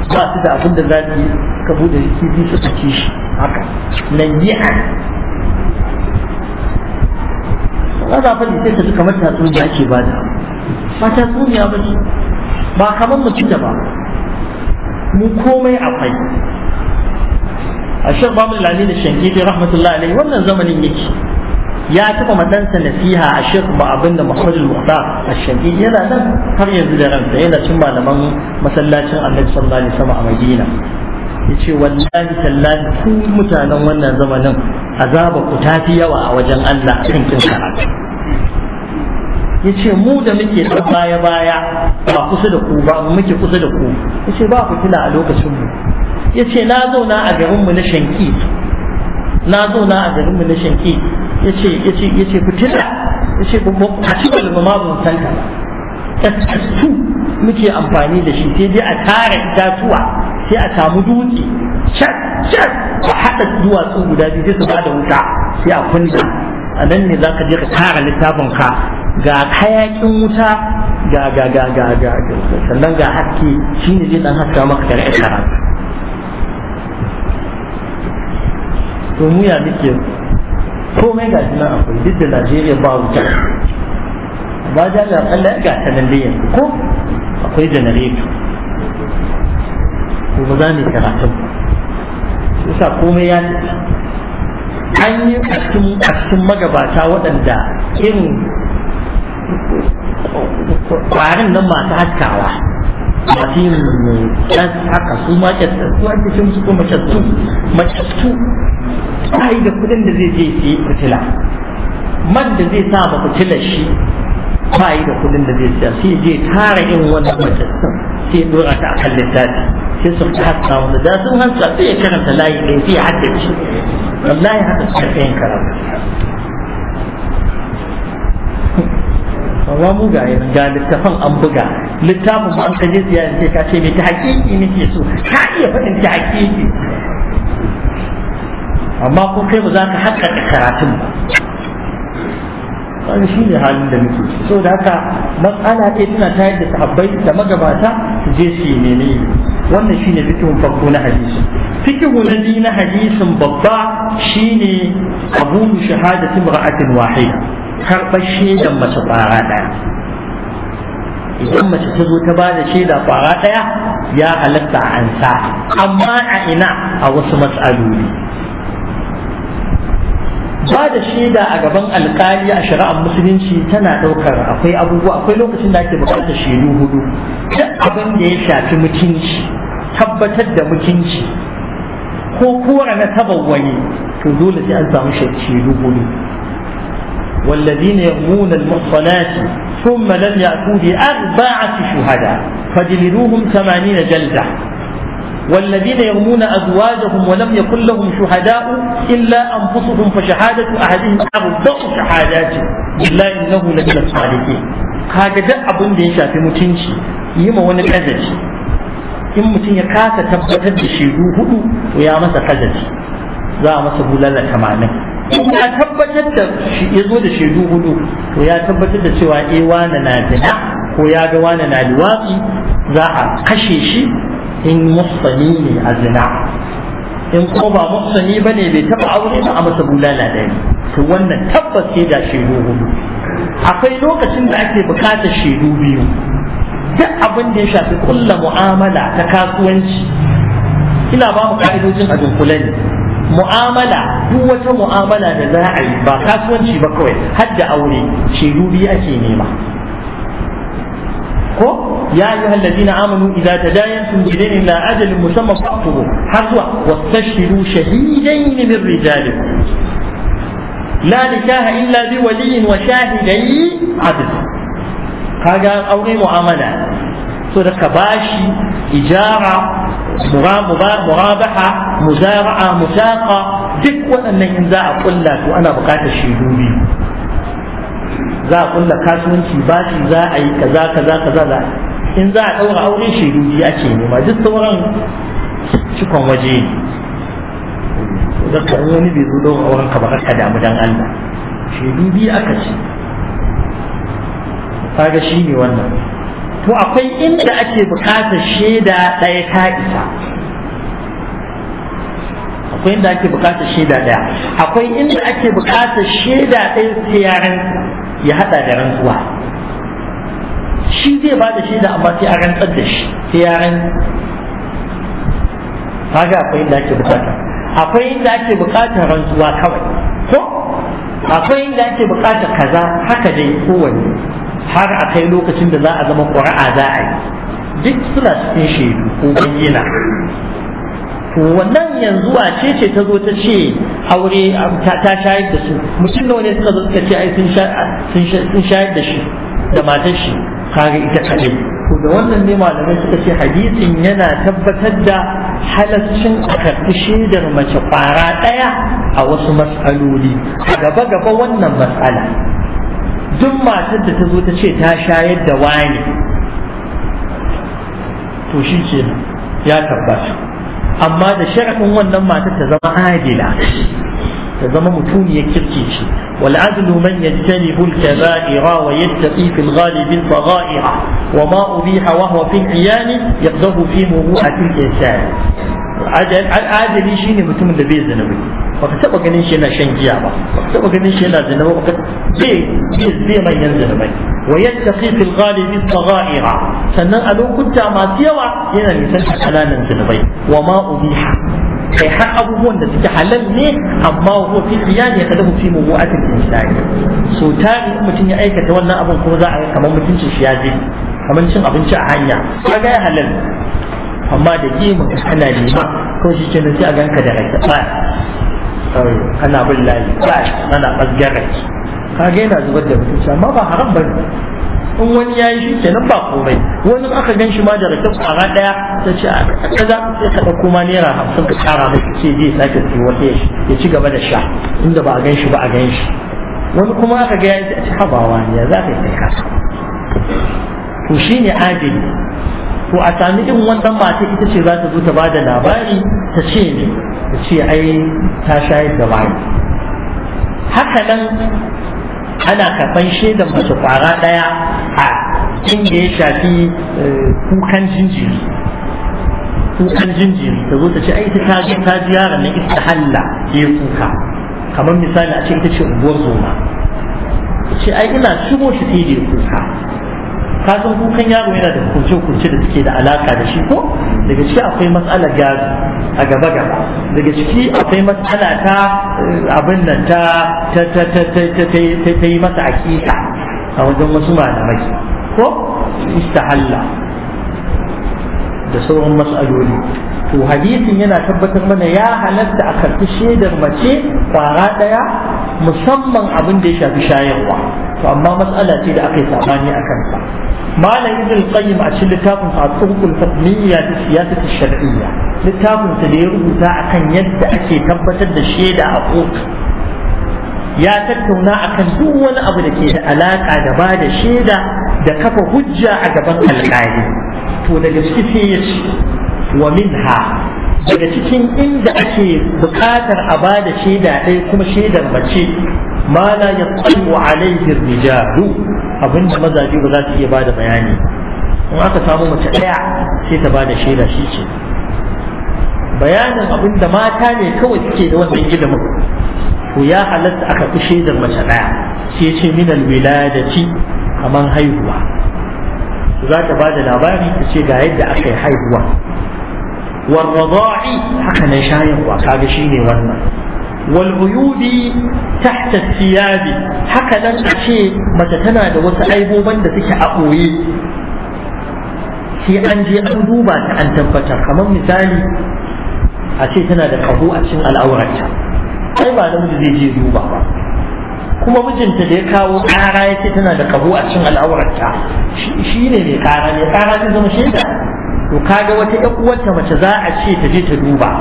S1: ba su da abin da za su yi suka bude kifi suka ci shi haka nan yi an kaga fa da sai ta kamar tatsuniya ake ba da ba ta ya bari ba kamar mutum da ba mu komai akwai a shan babu lalai da shankifi rahmatullahi alaihi wannan zamanin yake ya taɓa madansa nasiha a shek ba abin da muhammadu a shanki yana nan har yanzu da ransa yana cin malaman masallacin annabi sallallahu alaihi sama a madina ya ce wallahi tallahi ku mutanen wannan zamanin azaba ku tafi yawa a wajen allah kan kin karatu ya ce mu da muke ɗan baya baya ba kusa da ku ba muke kusa da ku ya ce ba kila a lokacin mu ya ce na zauna a garinmu na shanki na zauna a garinmu na shanki ya ce ya ce fitila ya ce a cikin ma ban san ta tattattu muke amfani da shi sai dai a tara itatuwa sai a samu dutse can can a haɗa duwatsu guda biyu sai su ba da wuta sai a kunna a nan ne za ka je ka tara littafin ka ga hayakin wuta ga ga ga ga ga sannan ga haske shine zai dan haska maka kare karatu to mu ya ko komai ga shi akwai duk da Najeriya ba wuta ba ja da Allah ga ta nan dai yanzu ko akwai generator ko ba za mu karatu yasa komai ya an yi a cikin magabata waɗanda irin kwarin nan masu haskawa masu yin ɗan haka su ma kyattattu an su kuma ta yi da kudin da zai je siye fitila man da zai sa ma fitilar shi ba yi da kudin da zai siya sai je tara yin wannan sai dora ta akan littafi sai su haska wanda da sun sai ya karanta layi ɗaya sai ya haddace wallahi haka suka fi yin amma mu ga yanan ga littafin an buga littafin an kaje siya sai ka ce mai ta hakiki nake so ka iya faɗin ta hakiki amma ko kai ba za ka haƙƙaƙa karatun ba wani shi ne halin da muke so da haka matsala ɗaya tana tayar da sahabbai da magabata su je su yi mene wannan ne fikihun farko na hadisi fikihu na biyu na hadisin babba shine abu shahadatin ra'atin wahida karɓar shaidan mace ƙwara ɗaya idan mace ta zo ta ba da shaida ƙwara ɗaya ya halatta a ansa amma a ina a wasu matsaloli ba da shaida a gaban alkali a shari'ar musulunci tana ɗaukar akwai abubuwa akwai lokacin da ake buƙatar shaidu hudu duk abin da ya shafi mutunci tabbatar da mutunci ko kura na tabawwani to dole sai an samu shaidu hudu والذين يرمون المحصنات ثم لم يأتوا بأربعة شهداء فجلدوهم ثمانين جلدة والذين يرمون أزواجهم ولم يكن لهم شهداء إلا أنفسهم فشهادة أحدهم أربع شهادات إلا إنه لمن الصالحين هكذا أبو ديشا في متنشي يما وانا كذبي in mutum ya kasa tabbatar da shaidu hudu to ya masa kazafi za in ya tabbatar da shi ya zo da shaidu hudu to ya tabbatar da cewa eh wane na zina ko ya ga wane na liwatsi za a kashe shi in muhsani ne a zina in kuma ba musani ba ne bai taba aure ba a masa bulala ɗaya to wannan tabbas sai da shaidu hudu akwai lokacin da ake bukatar shaidu biyu duk abin da ya shafi kulla mu'amala ta kasuwanci ina ba mu ka'idojin a dunkule ne mu'amala duk wata mu'amala da za a yi ba kasuwanci ba kawai har da aure shaidu biyu ake nema ko ya yi hallazi na amanu idan ta dayan sun gide ne na ajalin musamman faktubu har zuwa wasu shiru shahidai ne min rijali la nikaha illa bi waliyin wa shahidai adil kaga aure mu'amala so daga bashi ijara murabaha muzara'a musaqa duk waɗannan in za a kulla to ana buƙatar shaidu biyu za a kulla kasuwanci bashi za a yi kaza kaza kaza za in za a ɗaura aure shaidu biyu ake nema duk sauran cikon waje ne zaka wani bai zo ɗaura auren ka ba ka damu dan Allah shaidu biyu aka ce kaga shi ne wannan to akwai inda ake bukatar shaida ɗaya ta isa akwai inda ake bukatar shaida ɗaya akwai inda ake bukatar shaida ɗaya sai ya ya haɗa da rantsuwa shi zai ba da shaida amma sai a rantsar da shi sai ya rantsa kaga akwai inda ake bukata akwai inda ake bukatar rantsuwa kawai ko akwai inda ake bukatar kaza haka dai kowanne har a kai lokacin da za a zama ƙuri'a za a yi duk suna cikin shaidu ko bayyana to wannan yanzu a ce ce ta zo ta ce aure um, ta shayar da su mutum da wani suka zo suka ce ai sun shayar da shi da matar shi kare ita kaɗai to da wannan ne malamai suka ce hadisin yana tabbatar da halaccin a karɓi shaidar mace ƙwara ɗaya a wasu matsaloli a gaba gaba wannan matsala duk matar da ta zo ta ce ta shayar da wani to shi ce ya tabbata amma da sharafin wannan matar ta zama adila ta zama mutuniyar kirki ce wal adlu man yajtanibu al-kaba'ira wa yattaqi fil ghalib al-sagha'ira wa ma ubiha wa huwa fi al iyan yaqdahu fi muru'ati al-insan shi shine mutumin da bai zina ba ka taɓa ganin shi yana shan giya ba ka taɓa ganin shi yana zina ba bai bai manyan zina ba galibi yattaqi fil sannan a lokuta masu yawa yana nisan kananan zunubai wa ma ubiha kai har abubuwan da suke halal ne amma huwa fil iyali ya kadahu fi muwatil insani so tari mutum ya aikata wannan abin kuma za a kamar mutuncin shi ya je kamar cin abinci a hanya kaga ya halal amma da gemu kana lima ko shi nan sai a ganka da rai ba kana bin layi ba kana rai. ka ga yana zubar da mutunci amma ba haram ba in wani ya yi shi nan ba komai wani aka gan shi ma da rai ta kwara ɗaya ta ce a kaza sai ka ɗauko ma naira hamsin ka ƙara mai ce zai sake siyo wata ya ci gaba da sha inda ba a gan shi ba a gan shi wani kuma aka ga ya ci habawa ne ya za ka yi kai kasa to shi ne adili to a sami in wannan mata ita ce za ta zo ta ba da labari ta ce ne ta ce ai ta shayar da bayi haka nan ana karɓan shaidar mace kwara ɗaya a inda ya shafi eh, kukan jinjiri kukan jinjiri ta zo ta ce ai ta ji ta ji yaron na halla ke kuka kamar misali a ce ita ce unguwar zoma ta ce ai ina shigo shi sai da kuka ka san kukan yaro yana da hukunce hukunce da suke da alaka da shi ko daga ciki akwai matsala gado a gaba gaba daga ciki akwai matsala ta eh, abin nan ta ta yi masa akika a wajen wasu malamai ko istahalla da sauran matsaloli to hadisin yana tabbatar mana ya halatta a karɓi shaidar mace kwara ɗaya musamman abin da ya shafi shayarwa to amma matsala ce da aka yi sabani a kansa malam ibn qayyim a cikin littafin sa al-tuqul fatmiyya da siyasat shar'iyya littafin sa da ya rubuta akan yadda ake tabbatar da shaida a kotu ya tattauna akan duk wani abu da ke da alaka da ba da shaida da kafa hujja a gaban alƙali to daga ciki sai ya ce wa minha daga cikin inda ake bukatar a ba da shaida ɗaya kuma shaidar mace ma la yaqalu alayhi ar-rijal abinda mazaje ba za su iya bada bayani in aka samu mace daya sai ta bada shaida shi ce bayanin abinda mata ne kawai suke da wannan ilimin Ku ya halatta aka fi shaidar mace ɗaya sai ce min al-wiladati kamar haihuwa za ta bada labari ta ce ga yadda aka yi haihuwa والرضاعي haka ne shayarwa kaga shine wannan والعيوب تحت الثياب هكذا أشي متتنا دوس أيبو من دسك أقوي sai an je an duba ta an tabbatar kamar misali a ce tana da kaho a cikin ba zai je duba ba kuma mijinta da ya kawo ƙara ya ce tana da kaho a cikin al'aurarta shi ne mai ƙara ne ƙara ne zama shaida to kaga wata ƴan uwarta mace za a ce ta je ta duba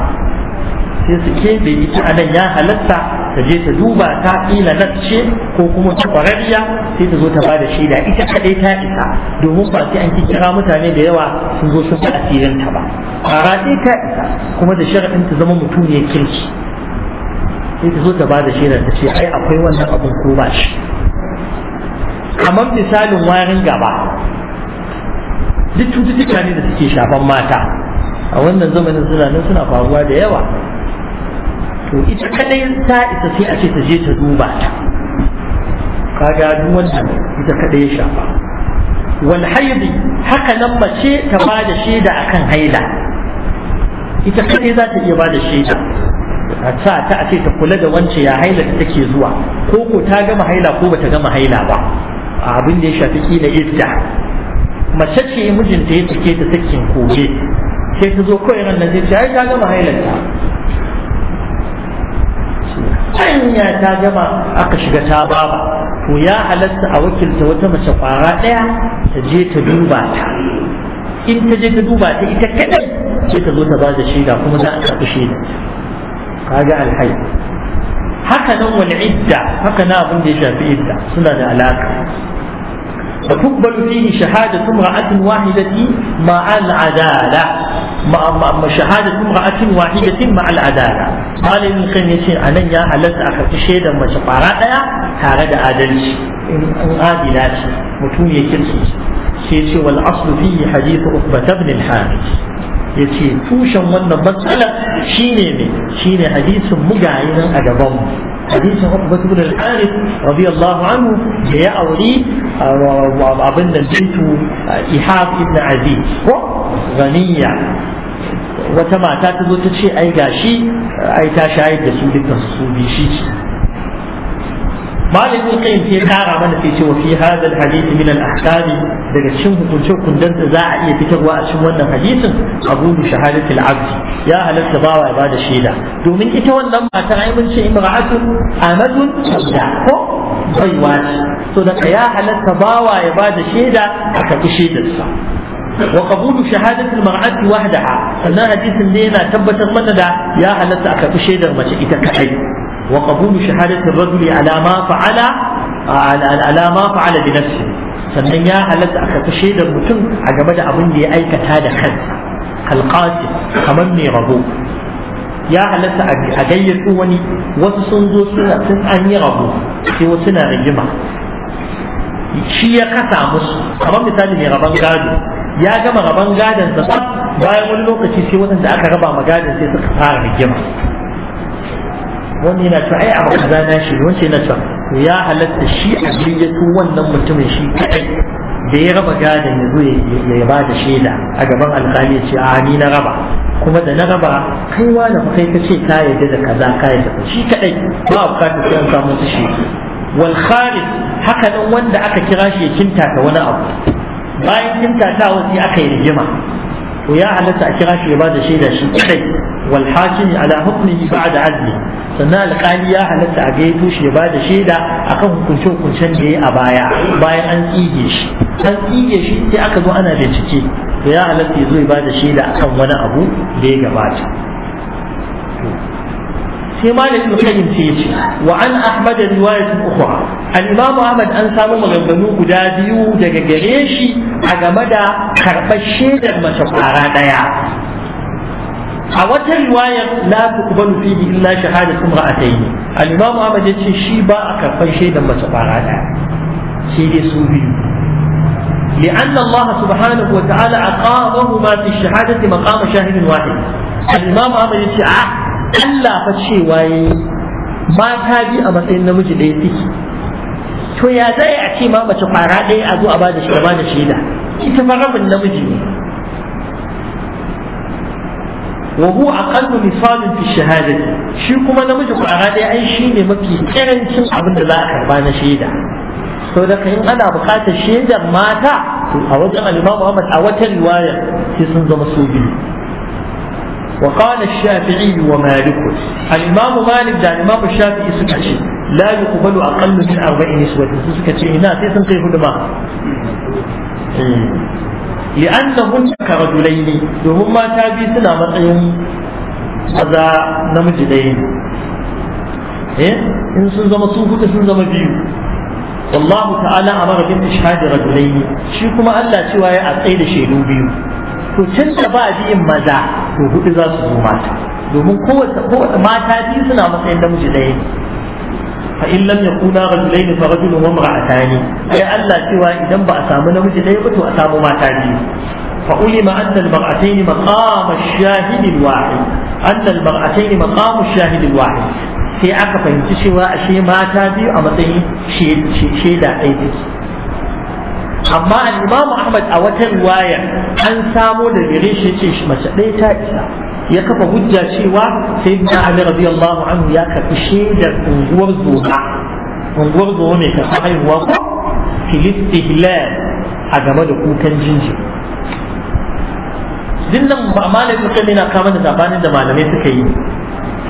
S1: sai su keɓe ita anan ya halatta ta je ta duba ta ƙila na ce ko kuma ta ƙwararriya sai ta zo ta ba da shaida ita kaɗai ta isa domin ba sai an kira mutane da yawa sun zo sun faɗa asirinta ba ƙara ɗaya ta isa kuma da sharaɗin ta zama mutum ne kirki sai ta zo ta ba da shaida ta ce ai akwai wannan abin ko ba shi kamar misalin warin gaba duk cututtuka ne da suke shafan mata a wannan zamanin suna nan suna faruwa da yawa to ita kadai ta isa sai a ce ta je ta duba ta kaga duk wannan ita kadai ya shafa wal haidi haka nan mace ta ba da shaida akan haila ita kadai za ta iya ba da shaida a sa ta a ce ta kula da wance ya haila da take zuwa ko ko ta gama haila ko bata gama haila ba abin da ya shafi kila idda mace ce mijinta ya take ta sakin koge sai ta zo kawai ran nan zai ce ai ta gama hailanta hanya ta gama aka shiga ta baba to ya halatta a wakilta wata mace kwara ɗaya ta je ta duba ta in ta je ta duba ta ita kaɗai sai ta zo ta ba da shaida kuma za a karɓi shaida kaga alhai haka nan wani idda haka na abin da ya shafi idda suna da alaƙa فتقبل فيه شهادة امرأة واحدة مع العدالة مع شهادة امرأة واحدة مع العدالة قال ابن القيم يسير أنا يا حلت أخذت شهادة ما شفارا تارد عدلش إن عادلات متون يكلسي سيسي والأصل فيه حديث أخبة بن الحارث ya ce من wannan شيني شيني حديث shine hadisin hadisin Uqba ibn al-Harith radiyallahu anhu da ya auri abin da bintu Ihab ibn Aziz ko ganiya wata mata ta zo ta ce ai gashi ai ta shayar da su dukkan su bi shi malamin kai sai kara mana sai ce wa fi hadha daga cikin hukunce kundan da za a iya fitarwa a cikin wannan hadisin abu bi shahadatil ya halatta bawa ya bada shaida domin ita wannan matar ai mun ce imra'atu amadun tabda ko baiwa ce to da ya halatta bawa ya bada shaida a karbi shaidarsa وقبول شهادة المرأة وحدها فنا حديث لينا تبت من يا هلت أكفي شيدر ما وقبول شهادة الرجل على ما فعل على ما فعل بنفسه sannan ya halatta aka kashe da mutum a game da abin da ya aikata da kansa kalqati kamar mai rabo ya halatta a gayyato wani wasu sun zo suna sun an yi rabo sai wasu na rigima shi ya kasa musu kamar misali mai raban gado ya gama raban gadon sa bayan wani lokaci sai waɗanda aka raba ma gadon sai suka fara rigima wani yana cewa ai a kaza na shi wani yana cewa ya halatta shi a jiyyatu wannan mutumin shi kadai da ya raba gadon ya zo ya ba da shaida a gaban alƙali ya ce a ni na raba kuma da na raba kai wani fa kai ce ka yarda da kaza ka da shi kadai ba a bukatar sai an samu su shi wal kharij haka nan wanda aka kira shi ya kinta ta wani abu bayan kinta ta wasu aka yi rigima to ya halatta a kira shi ya ba da shaida shi kadai wal hakimi ala hukmihi ba'da sannan alƙali ya halatta a gaito shi ya ba da shaida akan hukunce hukuncen da ya a baya bayan an tsige shi an tsige shi sai aka zo ana bincike to ya halatta ya zo ya ba da shaida akan wani abu da ya gabata sai malik ibn qayyim sai yace wa an ahmad riwayat ukhra al imam ahmad an samu maganganu guda biyu daga gare shi a game da karɓar shaidar mace kwara daya a wata riwayar la tuqbalu fihi illa shahadatu imra'atayn al-imam Ahmad yace shi ba a karban shaidan mace fara daya sai dai su biyu لأن الله سبحانه وتعالى أقامهما في الشهادة مقام شاهد واحد الإمام أحمد يقول ألا فتشي واي ما تابي أما سيدنا مجد يتيكي to ya zai a ce ma mace fara ɗaya a zo a bada shi shaida ita fa namiji ne wa huwa aqallu misalin fi shahadati shi kuma namiji ku kwara dai ai shine mafi karancin abin da za a karba na shaida sau da in ana buƙatar shaidar mata a wajen alimam Muhammad a wata riwaya sai sun zama su biyu wa qala shafi'i wa malik al-imam malik da al-imam shafi'i suka ce la yuqbalu aqallu min arba'in niswati suka ce ina sai sun kai huduma eh. li'annahun karajulai ne domin mata biyu suna matsayin maza namiji ɗaya in sun zama su hudu sun zama biyu wallahu ta'ala amara bin ishhadi rajulaini shi kuma Allah cewa ya a tsaye da shaidu biyu to tun da ba biyin maza to hudu za su mata domin mata biyu suna matsayin namiji daya. fa in lam yakuna rajulain fa rajulun wa imra'atani ai Allah cewa idan ba a samu namiji ɗaya ba to a samu mata biyu fa ulima anna al-mar'atayn maqam ash-shahid al-wahid anna al-mar'atayn maqam ash-shahid al-wahid sai aka fahimci cewa ashe mata biyu a matsayin shaida ɗaya take amma al-imam ahmad a wata riwaya an samo da gare shi ce mace ɗaya ta isa ya kafa hujja cewa sai na ali radiyallahu anhu ya karbi shaidar unguwar zuwa. unguwar zuwa mai karɓar haihuwa ko filistihlal a game da kukan jinjin dinnan ba malamin kan yana da zabanin da malamai suka yi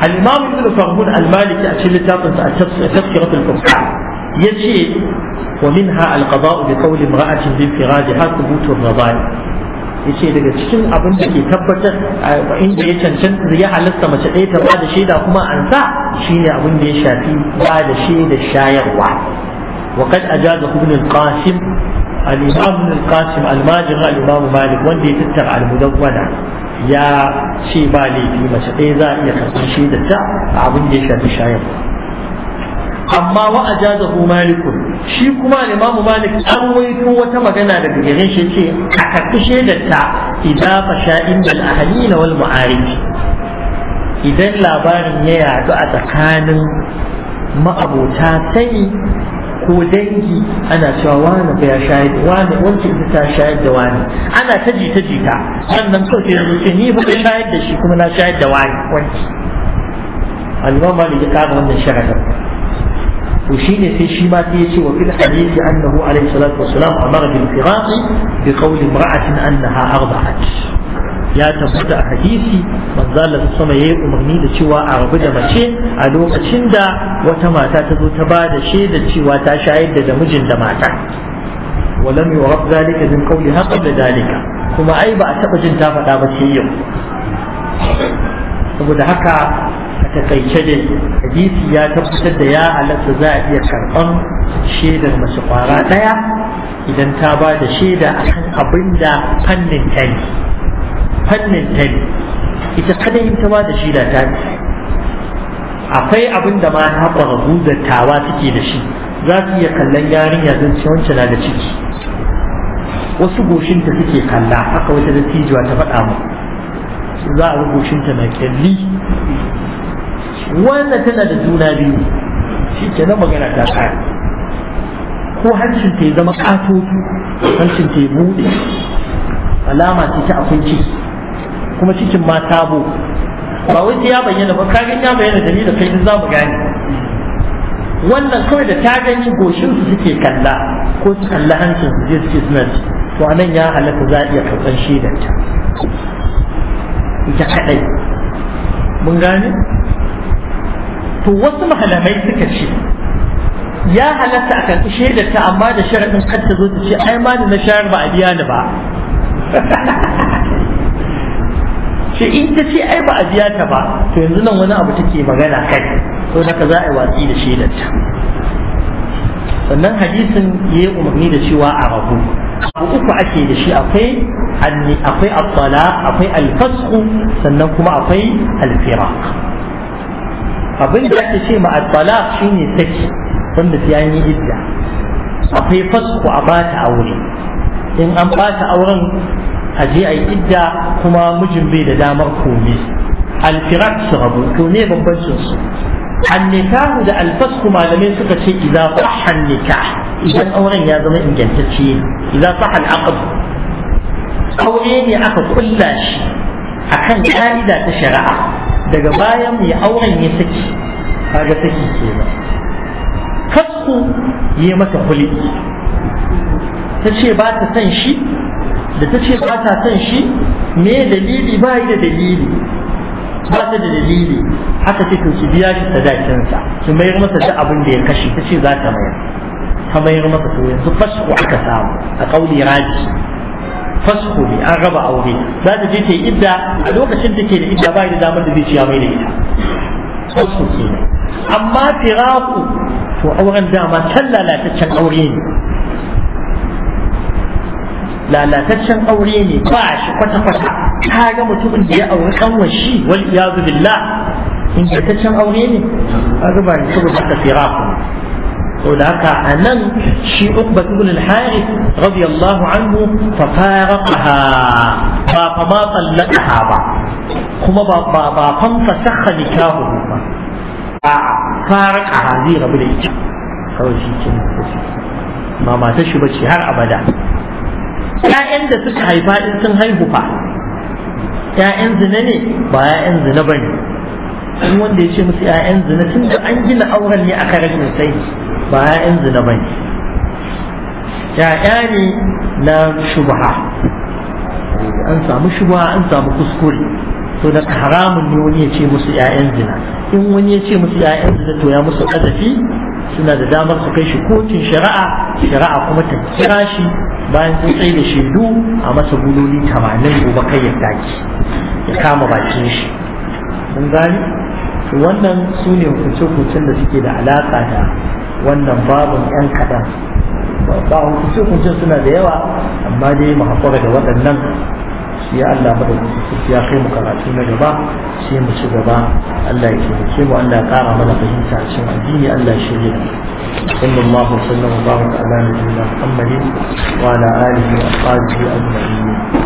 S1: al-imam ibn farhud al-maliki a cikin littafin sa tafsiratul furqan yace wa minha al-qada'u bi qawli imra'atin bi firajha thubut ar-radai yace daga cikin abin da ke tabbatar inda ya cancanta ya halatta mace ɗaya ta ba da shaida kuma an shine abin da ya shafi ba da shaida shayarwa wa kad ajaza ibn al-qasim al-imam ibn al-qasim al-majid al-imam malik wanda ya tattara al ya ce ba laifi mace ɗaya za a iya karɓar da ta abin da ya shafi shayarwa amma wa ajazahu malikun shi kuma ne imamu malik an waito wata magana daga gare shi ce a karɓi shaidarta idan fasha indal ahalina wal mu'ariki idan labarin ya yadu a tsakanin ma'abota sani ko dangi ana cewa wani ba ya shahid wani wance ita ta shahid da wani ana ta jita jita sannan kawai sai yanzu ni ba ka shahid da shi kuma na shahid da wani wance al-imam ya kama wannan sharadin to shine sai shi ma sai yace wa fil hadisi annahu alayhi salatu wassalam amara bil bi qawli imra'atin annaha arda'at ya tabbata a hadisi manzala ta sama yayi umarni da cewa a rabu da mace a lokacin da wata mata ta zo ta da shaida cewa ta shayar da mijin da mata walam yurab zalika min da zalika kuma ai ba a taba jin ta faɗa ba sai yau saboda haka takaice dai hadisi ya tabbatar da ya alatta za a iya karɓan shaidar mace kwara ɗaya idan ta ba da shaida akan abin da fannin ta ne fannin ta ne ita kadai ta ba da shaida ta ne akwai abin da ta ƙwararru da tawa suke da shi za su iya kallon yarinya don ci wancan na da ciki wasu goshinta suke kalla haka wata dattijuwa ta faɗa mu za a goshinta na kyalli wannan tana da juna biyu shi ke nan magana ta kare ko hancin ta zama katotu hancin ta buɗe alama ce ta akwai ciki kuma cikin ma tabo ba wai ya bayyana ba kagan ya bayyana da ni da kai za mu gane wannan kawai da ta gani goshin su suke kalla ko su kalla hancin su je suke suna ci to anan ya halatta za a iya karɓar shaidar ta ita kaɗai mun gane to wasu mahalamai suka ce ya halatta a karɓi shaidar ta amma da sharaɗin kar ta zo ta ce ai ma da na shayar ba a biya ni ba
S2: [laughs]
S1: shi in ta ce ai ba a biya ta ba to yanzu nan wani abu take magana kai to haka za a yi watsi da shaidar ta sannan hadisin ya yi umarni da cewa a rabu abu uku ake da shi akwai akwai akwai alfasku, sannan kuma akwai alfira. abin da ake ce ma at-talaq shine saki wanda sai an yi idda akwai fasku a bata aure in an bata auren a je a yi idda kuma mijin bai da damar komi alfirat su rabu to ne bambancin su annikahu da alfasku malamai suka ce idza sahha nikah idan auren ya zama ingantacce idza sahha al-aqd aure ne aka kulla shi akan ka'ida ta shari'a daga bayan mai auren ya saki kaga saki kenan kasku ya mata kuli ta ce ba ta san shi da ta ce ba ta san shi me dalili ba da dalili ba ta da dalili haka ce ki biya shi sadakinsa ki mayar masa da abin da ya kashe ta ce za ta mayar ta mayar masa to yanzu fasku aka samu a kauli raji Fasko ne an raba aure za ta je ta yi idda a lokacin take da idda ba da damar da zai ciya mai da ita fasku ke amma firaku to auren dama can lalataccen aure ne lalataccen aure ne ba shi kwata-kwata ta ga mutumin da ya auri kanwar shi wal iyazu billah ingantaccen aure ne a zuba ne saboda haka firaku saboda haka a nan shi ukba ibn al-harith radiyallahu anhu fa faraqaha fa ma tsallaqaha ba kuma ba ba ba fan fasakha nikahu ba a faraqaha zai rabu da ita kawai shi ke har abada ƴaƴan da suka haifa in sun haihu fa ƴaƴan zina ne ba ya'yan zina bane in wanda ya ce musu yayan zina tun da an gina auren ne aka rage sai ba ‘ya'yan zina ba ne ‘ya'ya ne na shubha an samu shubha an samu kuskure to da haramun ne wani ya ce musu ‘ya'yan zina in wani ya ce musu ‘ya'yan zina to ya musu ƙazafi suna da damar su kai shi kotun shari'a shari'a kuma ta kira shi bayan sun tsaye da shaidu a masa buloli tamanin gobe kai ya daki ya kama bakin shi mun gani wannan su ne hukunce-hukuncen da suke da alaƙa da wannan babin yan kaɗan ba hukunce suna da yawa amma dai mu haƙura da waɗannan shi ya Allah mu da ya kai mu karatu na gaba sai mu ci gaba Allah ya kiyaye mu Allah ya ƙara mana fahimta a cikin addini Allah ya shirye mu صلى الله وسلم وبارك على نبينا محمد وعلى اله واصحابه اجمعين